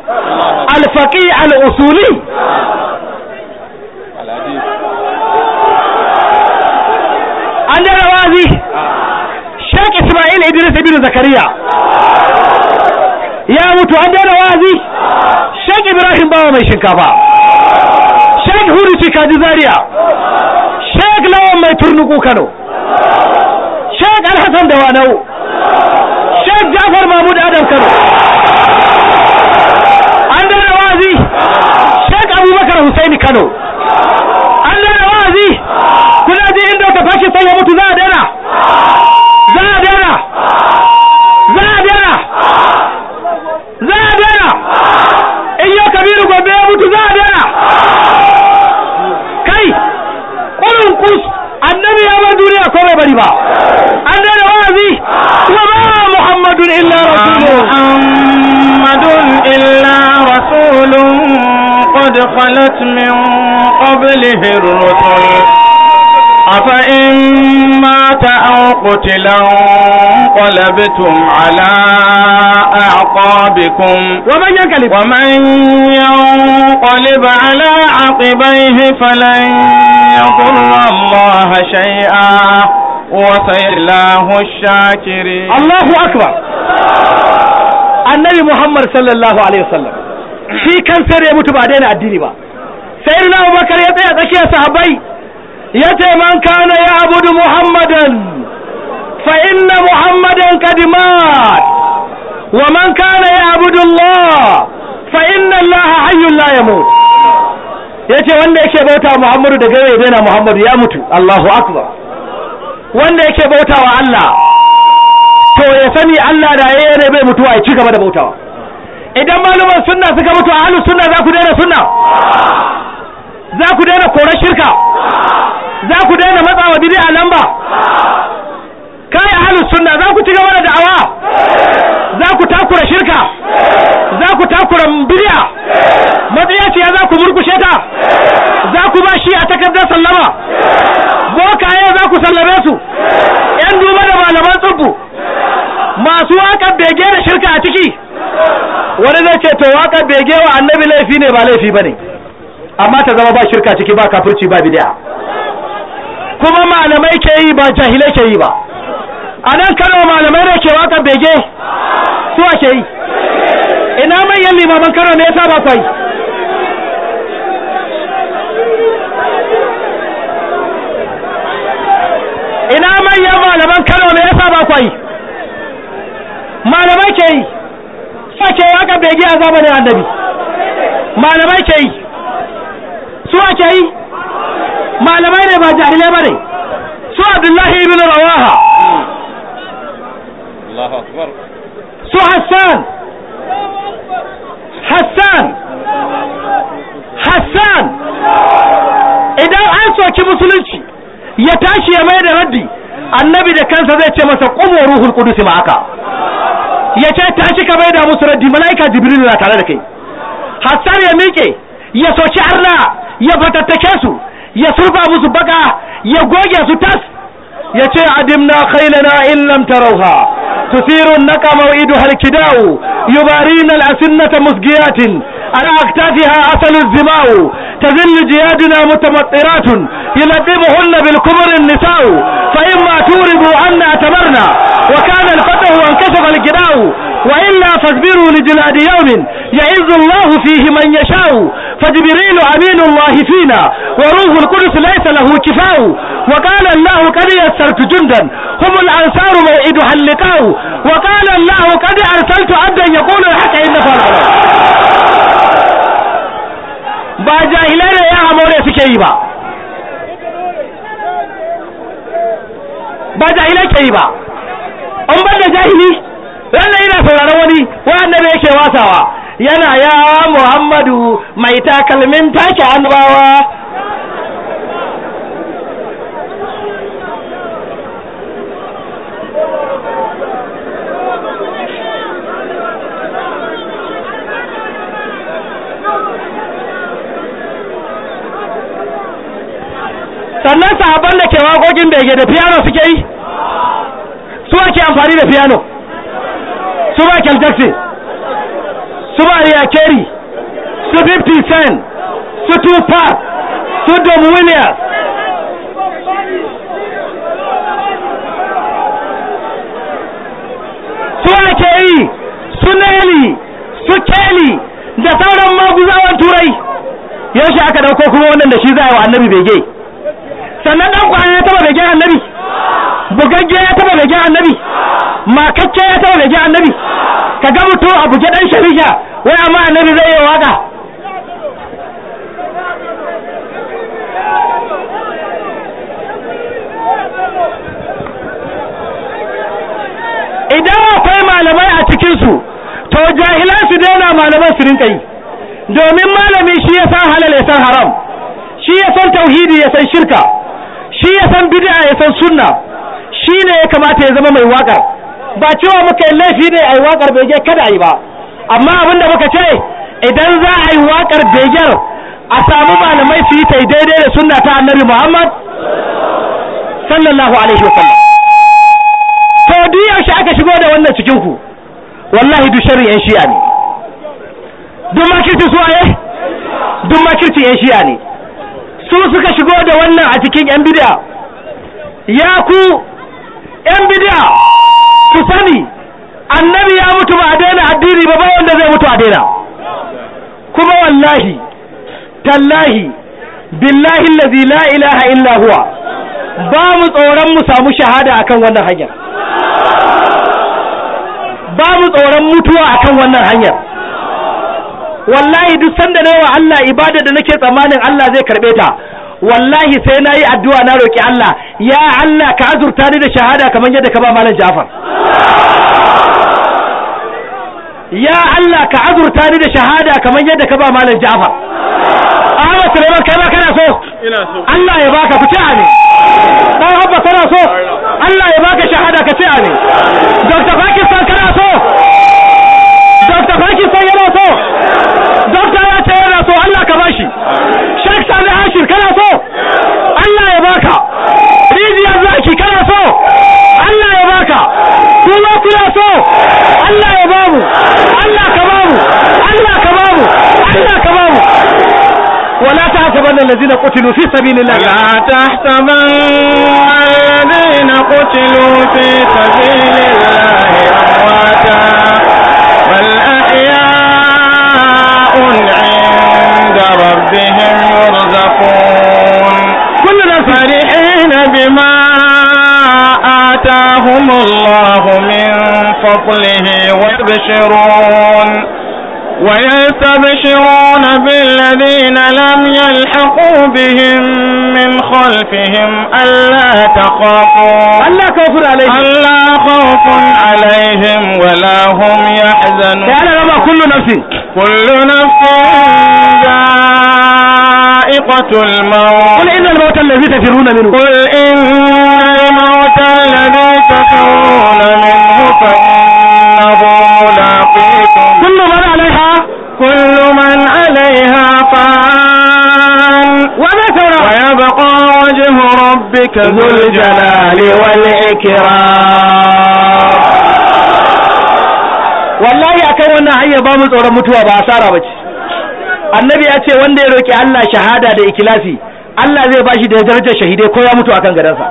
D: al-faqih al-usuli an daina wazi Sheikh Ismail Idris ibn Zakariya ya mutu an daina wa'azi shek Ibrahim Bawa mai shinkafa Sheikh Huriti Kaji Zaria shek Lawan mai turnuku Kano Sheikh Alhassan wanau shek Jafar Mahmud Adam Kano an daina wa'azi shek Abubakar Hussaini Kano an daina wa'azi kuna ji inda ka fashi sai ya mutu za a daina za a daina kabiru gobe ya mutu za a dana kai kurin kus annabi ya bar duniya ko bai bari ba an dana wa'azi wa ba muhammadun illa rasulun muhammadun illa rasulun
B: qad khalat min qablihi ar-rusul أفإن مات أو قتلا انقلبتم على أعقابكم ومن ينقلب ومن ينقلب على عقبيه فلن يضر الله شيئا الله الشاكرين الله
D: أكبر النبي محمد صلى الله عليه وسلم في كان سير يموت بعدين الدين با سيدنا أبو بكر يا تsakiya sahabbai yace man kana ya abudu muhammadan fa inna muhammadan kad wa man kana ya abudu allah fa inna allah hayyun la yamut yace wanda yake bauta muhammadu da gare daina muhammadu ya mutu allahu akbar wanda yake bautawa allah to ya sani allah da yayi ne bai mutuwa ya ci gaba da bautawa idan malaman sunna suka mutu a ahlus sunna za ku daina sunna za ku daina korar shirka za ku daina matsa wa bidi'a lamba kai ahlus sunna za ku ci gaba da da'awa za ku takura shirka za ku takura bid'a matsiyaciya za ku murkushe ta za ku ba shi a takardar sallama bokaye za ku sallame su yan duba da malaman tsubbu masu waka bege da shirka a ciki wani zai ce to waka bege wa annabi laifi ne ba laifi bane amma ta zama ba shirka ciki ba kafirci ba bid'a kuma malamai ke yi ba jahilai ke yi ba a nan kano malamai ne ke waka bege su ke yi ina manyan limaman kano ne yasa ba yi ina manyan malaman kano ne yasa ba yi malamai ke yi su ke yi haka bege a zamanin annabi malamai ke yi su ke yi malamai ne ba jahilai ba ne su abdullahi ibn rawaha su hassan hassan
C: hassan
D: idan an soki musulunci ya tashi ya mai da raddi annabi da kansa zai ce masa ƙumo ruhul ma aka, ya ce tashi ka mai da musu raddi mala'ika jibril na tare da kai hassan ya miƙe ya soki allah ya fatattake su ya surfa musu baka ya goge su tas ya ce adimna khailana in lam tarauha tusiru naka maw'idu halkidau yubarina al'asinnata musgiyatin على أكتافها أصل الزماء تذل جيادنا متمطرات يلببهن بالكبر النساء فإما توربوا أن أتمرنا وكان الفتح وانكشف الجداء وإلا فاصبروا لجلاد يوم يعز الله فيه من يشاء فجبريل أمين الله فينا وروح القدس ليس له كفاء وقال الله قد يسرت جندا هم الأنصار موعدها اللقاء وقال الله قد أرسلت عبدا يقول الحق إن فعل ba jahilai da ya amore suke yi ba ba jahilai ke yi ba
C: an ban da jahili
D: ranar yana sauraron wani wa'anda da yake wasawa yana ya muhammadu mai takalmin take annabawa sannan sahabban da ke waƙoƙin bege da piano suke yi su ake amfani da piano su michael jackson su Mariya Carey su 50 Cent su Tupac su Dom Williams su ake yi su Nelly su Kelly
C: da sauran maguzawan
D: turai yaushe aka dauko kuma wannan da shi za wa annabi bege sannan dan kwanan ya taba bege annabi bugagge ya taba bege annabi makakke ya taba bege annabi ka ga mutum a buge dan shari'a wai amma annabi zai yi waka idan akwai malamai a cikinsu to jahilan su daina malaman su rinka yi domin malami shi ya san halal ya san haram shi ya san tauhidi ya san shirka shi ya san bid'a ya san sunna shi ne ya kamata ya zama mai waƙar ba cewa muka yi laifi ne a yi waƙar bai je kada a yi ba amma abin da muka ce idan za a yi waƙar begen a samu malamai su yi ta daidai da sunna ta annabi muhammad sallallahu alaihi wasallam to duk yaushe aka shigo da wannan cikin ku wallahi duk sharri yan shi'a ne duk makirci su waye duk makirci yan shi'a ne su suka shigo da wannan a cikin yan bidiya ya ku yan bidiya su sani annabi ya mutu ba a daina addini ba ba wanda zai mutu a daina kuma wallahi tallahi billahi allazi la ilaha illa huwa ba mu tsoron mu samu shahada akan wannan hanyar ba mu tsoron mutuwa akan wannan hanyar wallahi duk sanda na Allah ibada da nake tsammanin Allah zai karbe ta wallahi sai na yi addu'a na roƙi Allah ya Allah ka azurta ni da shahada kamar yadda ka ba malam Ja'far ya Allah ka azurta ni da shahada kamar yadda ka ba malam Ja'far
C: Ahmad Suleiman kai ba kana so so Allah ya baka ku ta ne
D: dan Abba kana so Allah ya baka shahada ka ta ne Dr. Pakistan kana so Dr. Pakistan yana so الذين قتلوا في سبيل الله لا
B: تحسبن الذين قتلوا في سبيل الله أمواتا بل أحياء عند ربهم يرزقون كلنا فرحين بما آتاهم الله من فضله ويبشرون ويستبشرون بالذين لم يلحقوا بهم من خلفهم ألا تخافوا ألا خوف عليهم ألا خوف عليهم ولا هم يحزنون يعني لما كل نفس كل نفس ذائقة الموت قل إن الموت الذي تفرون منه قل إن الموت الذي تفرون منه
D: تباركت ذو الجلال والإكرام والله akan wannan hanyar ba mu tsoron mutuwa ba asara bace annabi ya ce wanda ya roki Allah shahada da ikilasi Allah zai bashi da darajar shahidai ko ya mutu akan gadansa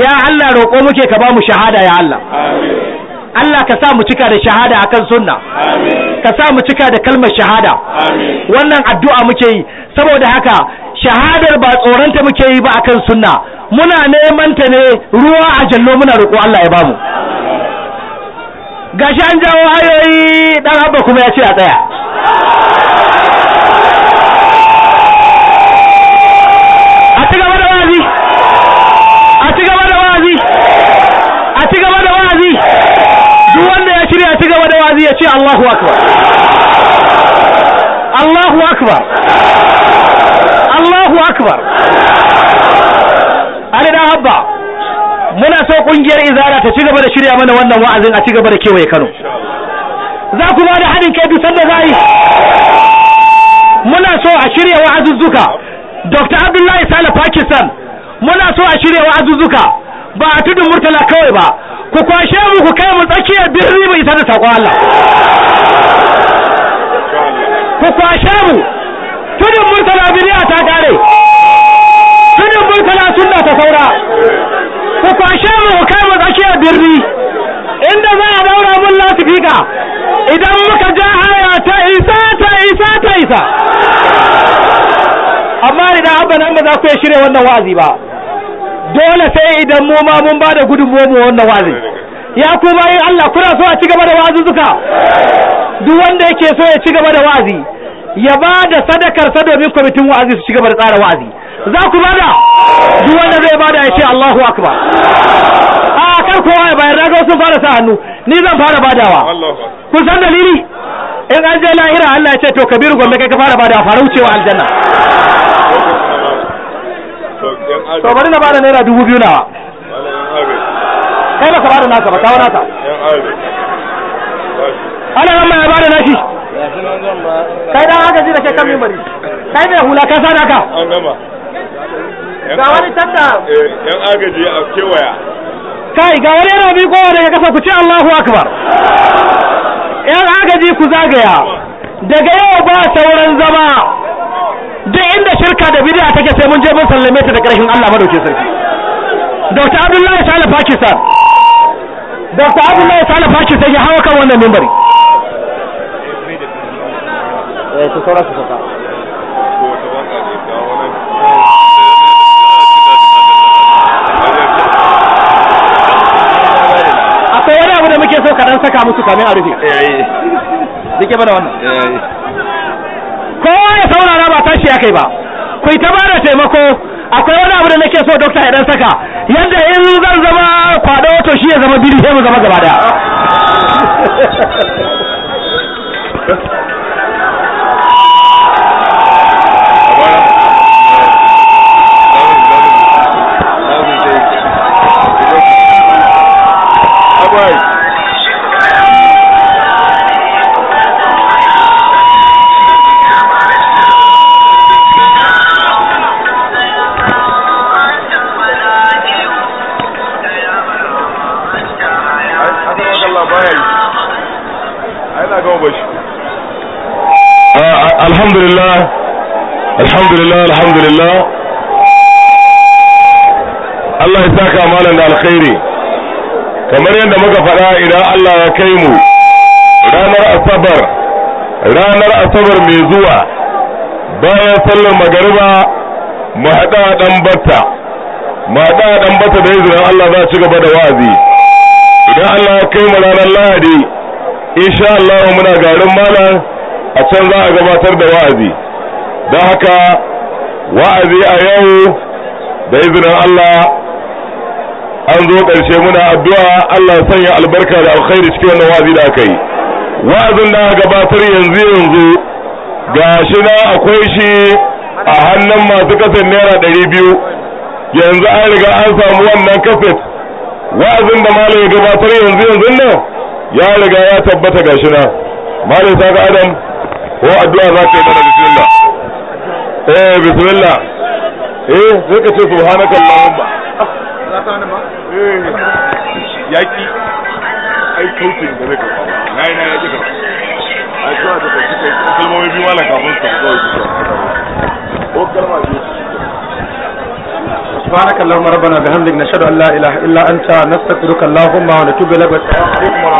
D: ya Allah roƙo muke ka ba mu shahada ya Allah Allah ka sa mu cika da shahada akan sunna ka sa mu cika da kalmar shahada wannan addu'a muke yi saboda haka shahadar ba tsoronta muke yi ba akan sunna muna neman ta ne ruwa a jallo muna roƙo Allah ya bamu gashi an jawo ayoyi dan abba kuma ya ce a tsaya
C: a ci gaba da wazi
D: a ci gaba da wazi a ci gaba da wazi duk wanda ya shirya ci gaba da wazi ya ce Allahu akbar
C: Allahu akbar Allahu akbar
D: abba muna so kungiyar izara ta ci gaba da shirya mana wannan wa'azin a ci gaba da kewaye kano za ku ba da haɗin kai dusan da za yi muna so a shirya wa'azuzzuka dr abdullahi sale pakistan muna so a shirya wa'azuzzuka ba a tudun murtala kawai ba ku kwashe mu ku kai mu tsakiyar birni mai isa da saƙon allah ku kwashe mu tudun murtala biriya ta kare nan tana sunna ta saura ku kwashe mu ku kai mu a birni inda za a daura mun lasifika idan muka ja haya ta isa ta isa ta isa amma idan abba nan ba za ku ya shirya wannan wa'azi ba dole sai idan mu ma mun ba da mu wannan wa'azi ya ku bayin Allah kuna so a ci gaba da zuka duk wanda yake so ya ci gaba da wa'azi ya ba da sadakarsa domin kwamitin wazi su ci gaba da tsara wa'azi za ku bada duk wanda zai bada ya ce Allahu akbar a kar kowa ya bayar daga sun fara sa hannu ni zan fara badawa kun san dalili in an je lahira Allah ya ce to kabiru gombe kai ka fara badawa fara wucewa aljanna
C: to bari na bada naira dubu biyu nawa kai baka bada naka ba kawo
D: naka ana nan ya bada nashi kai dan haka ji da ke kan mimbari kai mai hula ka sa naka Eh,
A: yan agaji a kewaya
D: kai ga wani yana bi kowa daga kasa ku ce Allahu akbar yan agaji ku zagaya daga yau ba sauran zama duk inda shirka da bid'a take sai mun je mun sallame ta da karshen Allah madauke sarki Dr. Abdullahi Salih Pakistan Dr. Abdullahi Salih Pakistan ya hawa kan wannan mimbari eh su saura su saka. an saka musu kamin a rufe eh, eh. dike bada wannan eh, kowa ya saurara ba tashi ya kai ba ku ta ba da taimako akwai wani abu da nake so dokta ya dan saka yadda in zan zama kwaɗo to shi ya zama biri sai mu zama gaba daya
A: لله الحمد Allah ya saka malam da alkhairi kamar yadda muka faɗa idan Allah ya kai mu ranar asabar ranar asabar mai zuwa bayan sallar magariba mu haɗa dan batta mu haɗa dan batta da izinin Allah za ci gaba da wa'azi idan Allah ya kai mu ranar lahadi insha Allah muna garin malam a can za a gabatar da wa'azi don haka wa'azi a yau da izinin Allah an zo ƙarshe muna addu'a Allah sanya albarka da alkhairu cikin wannan wa'azi da aka yi wa'azin da gabatar yanzu yanzu ga shi na akwai shi a hannun masu kasar naira ɗari biyu yanzu an riga an samu wannan kaset wa'azin da malam ya gabatar yanzu yanzu nan ya riga ya tabbata ga shi na malam saka adam ko addu'a za ka yi mana bismillah eh bismillah eh sai ka ce za ka subhanakallahumma eh, yaki ai kautin da zai karɓa na yi na ya ji karɓa ai cewa da ka suka yi kalmomi biyu malam kafin su kawai su ko kalma biyu
B: سبحانك اللهم ربنا بحمدك نشهد ان لا اله الا انت نستغفرك اللهم ونتوب اليك ونستغفرك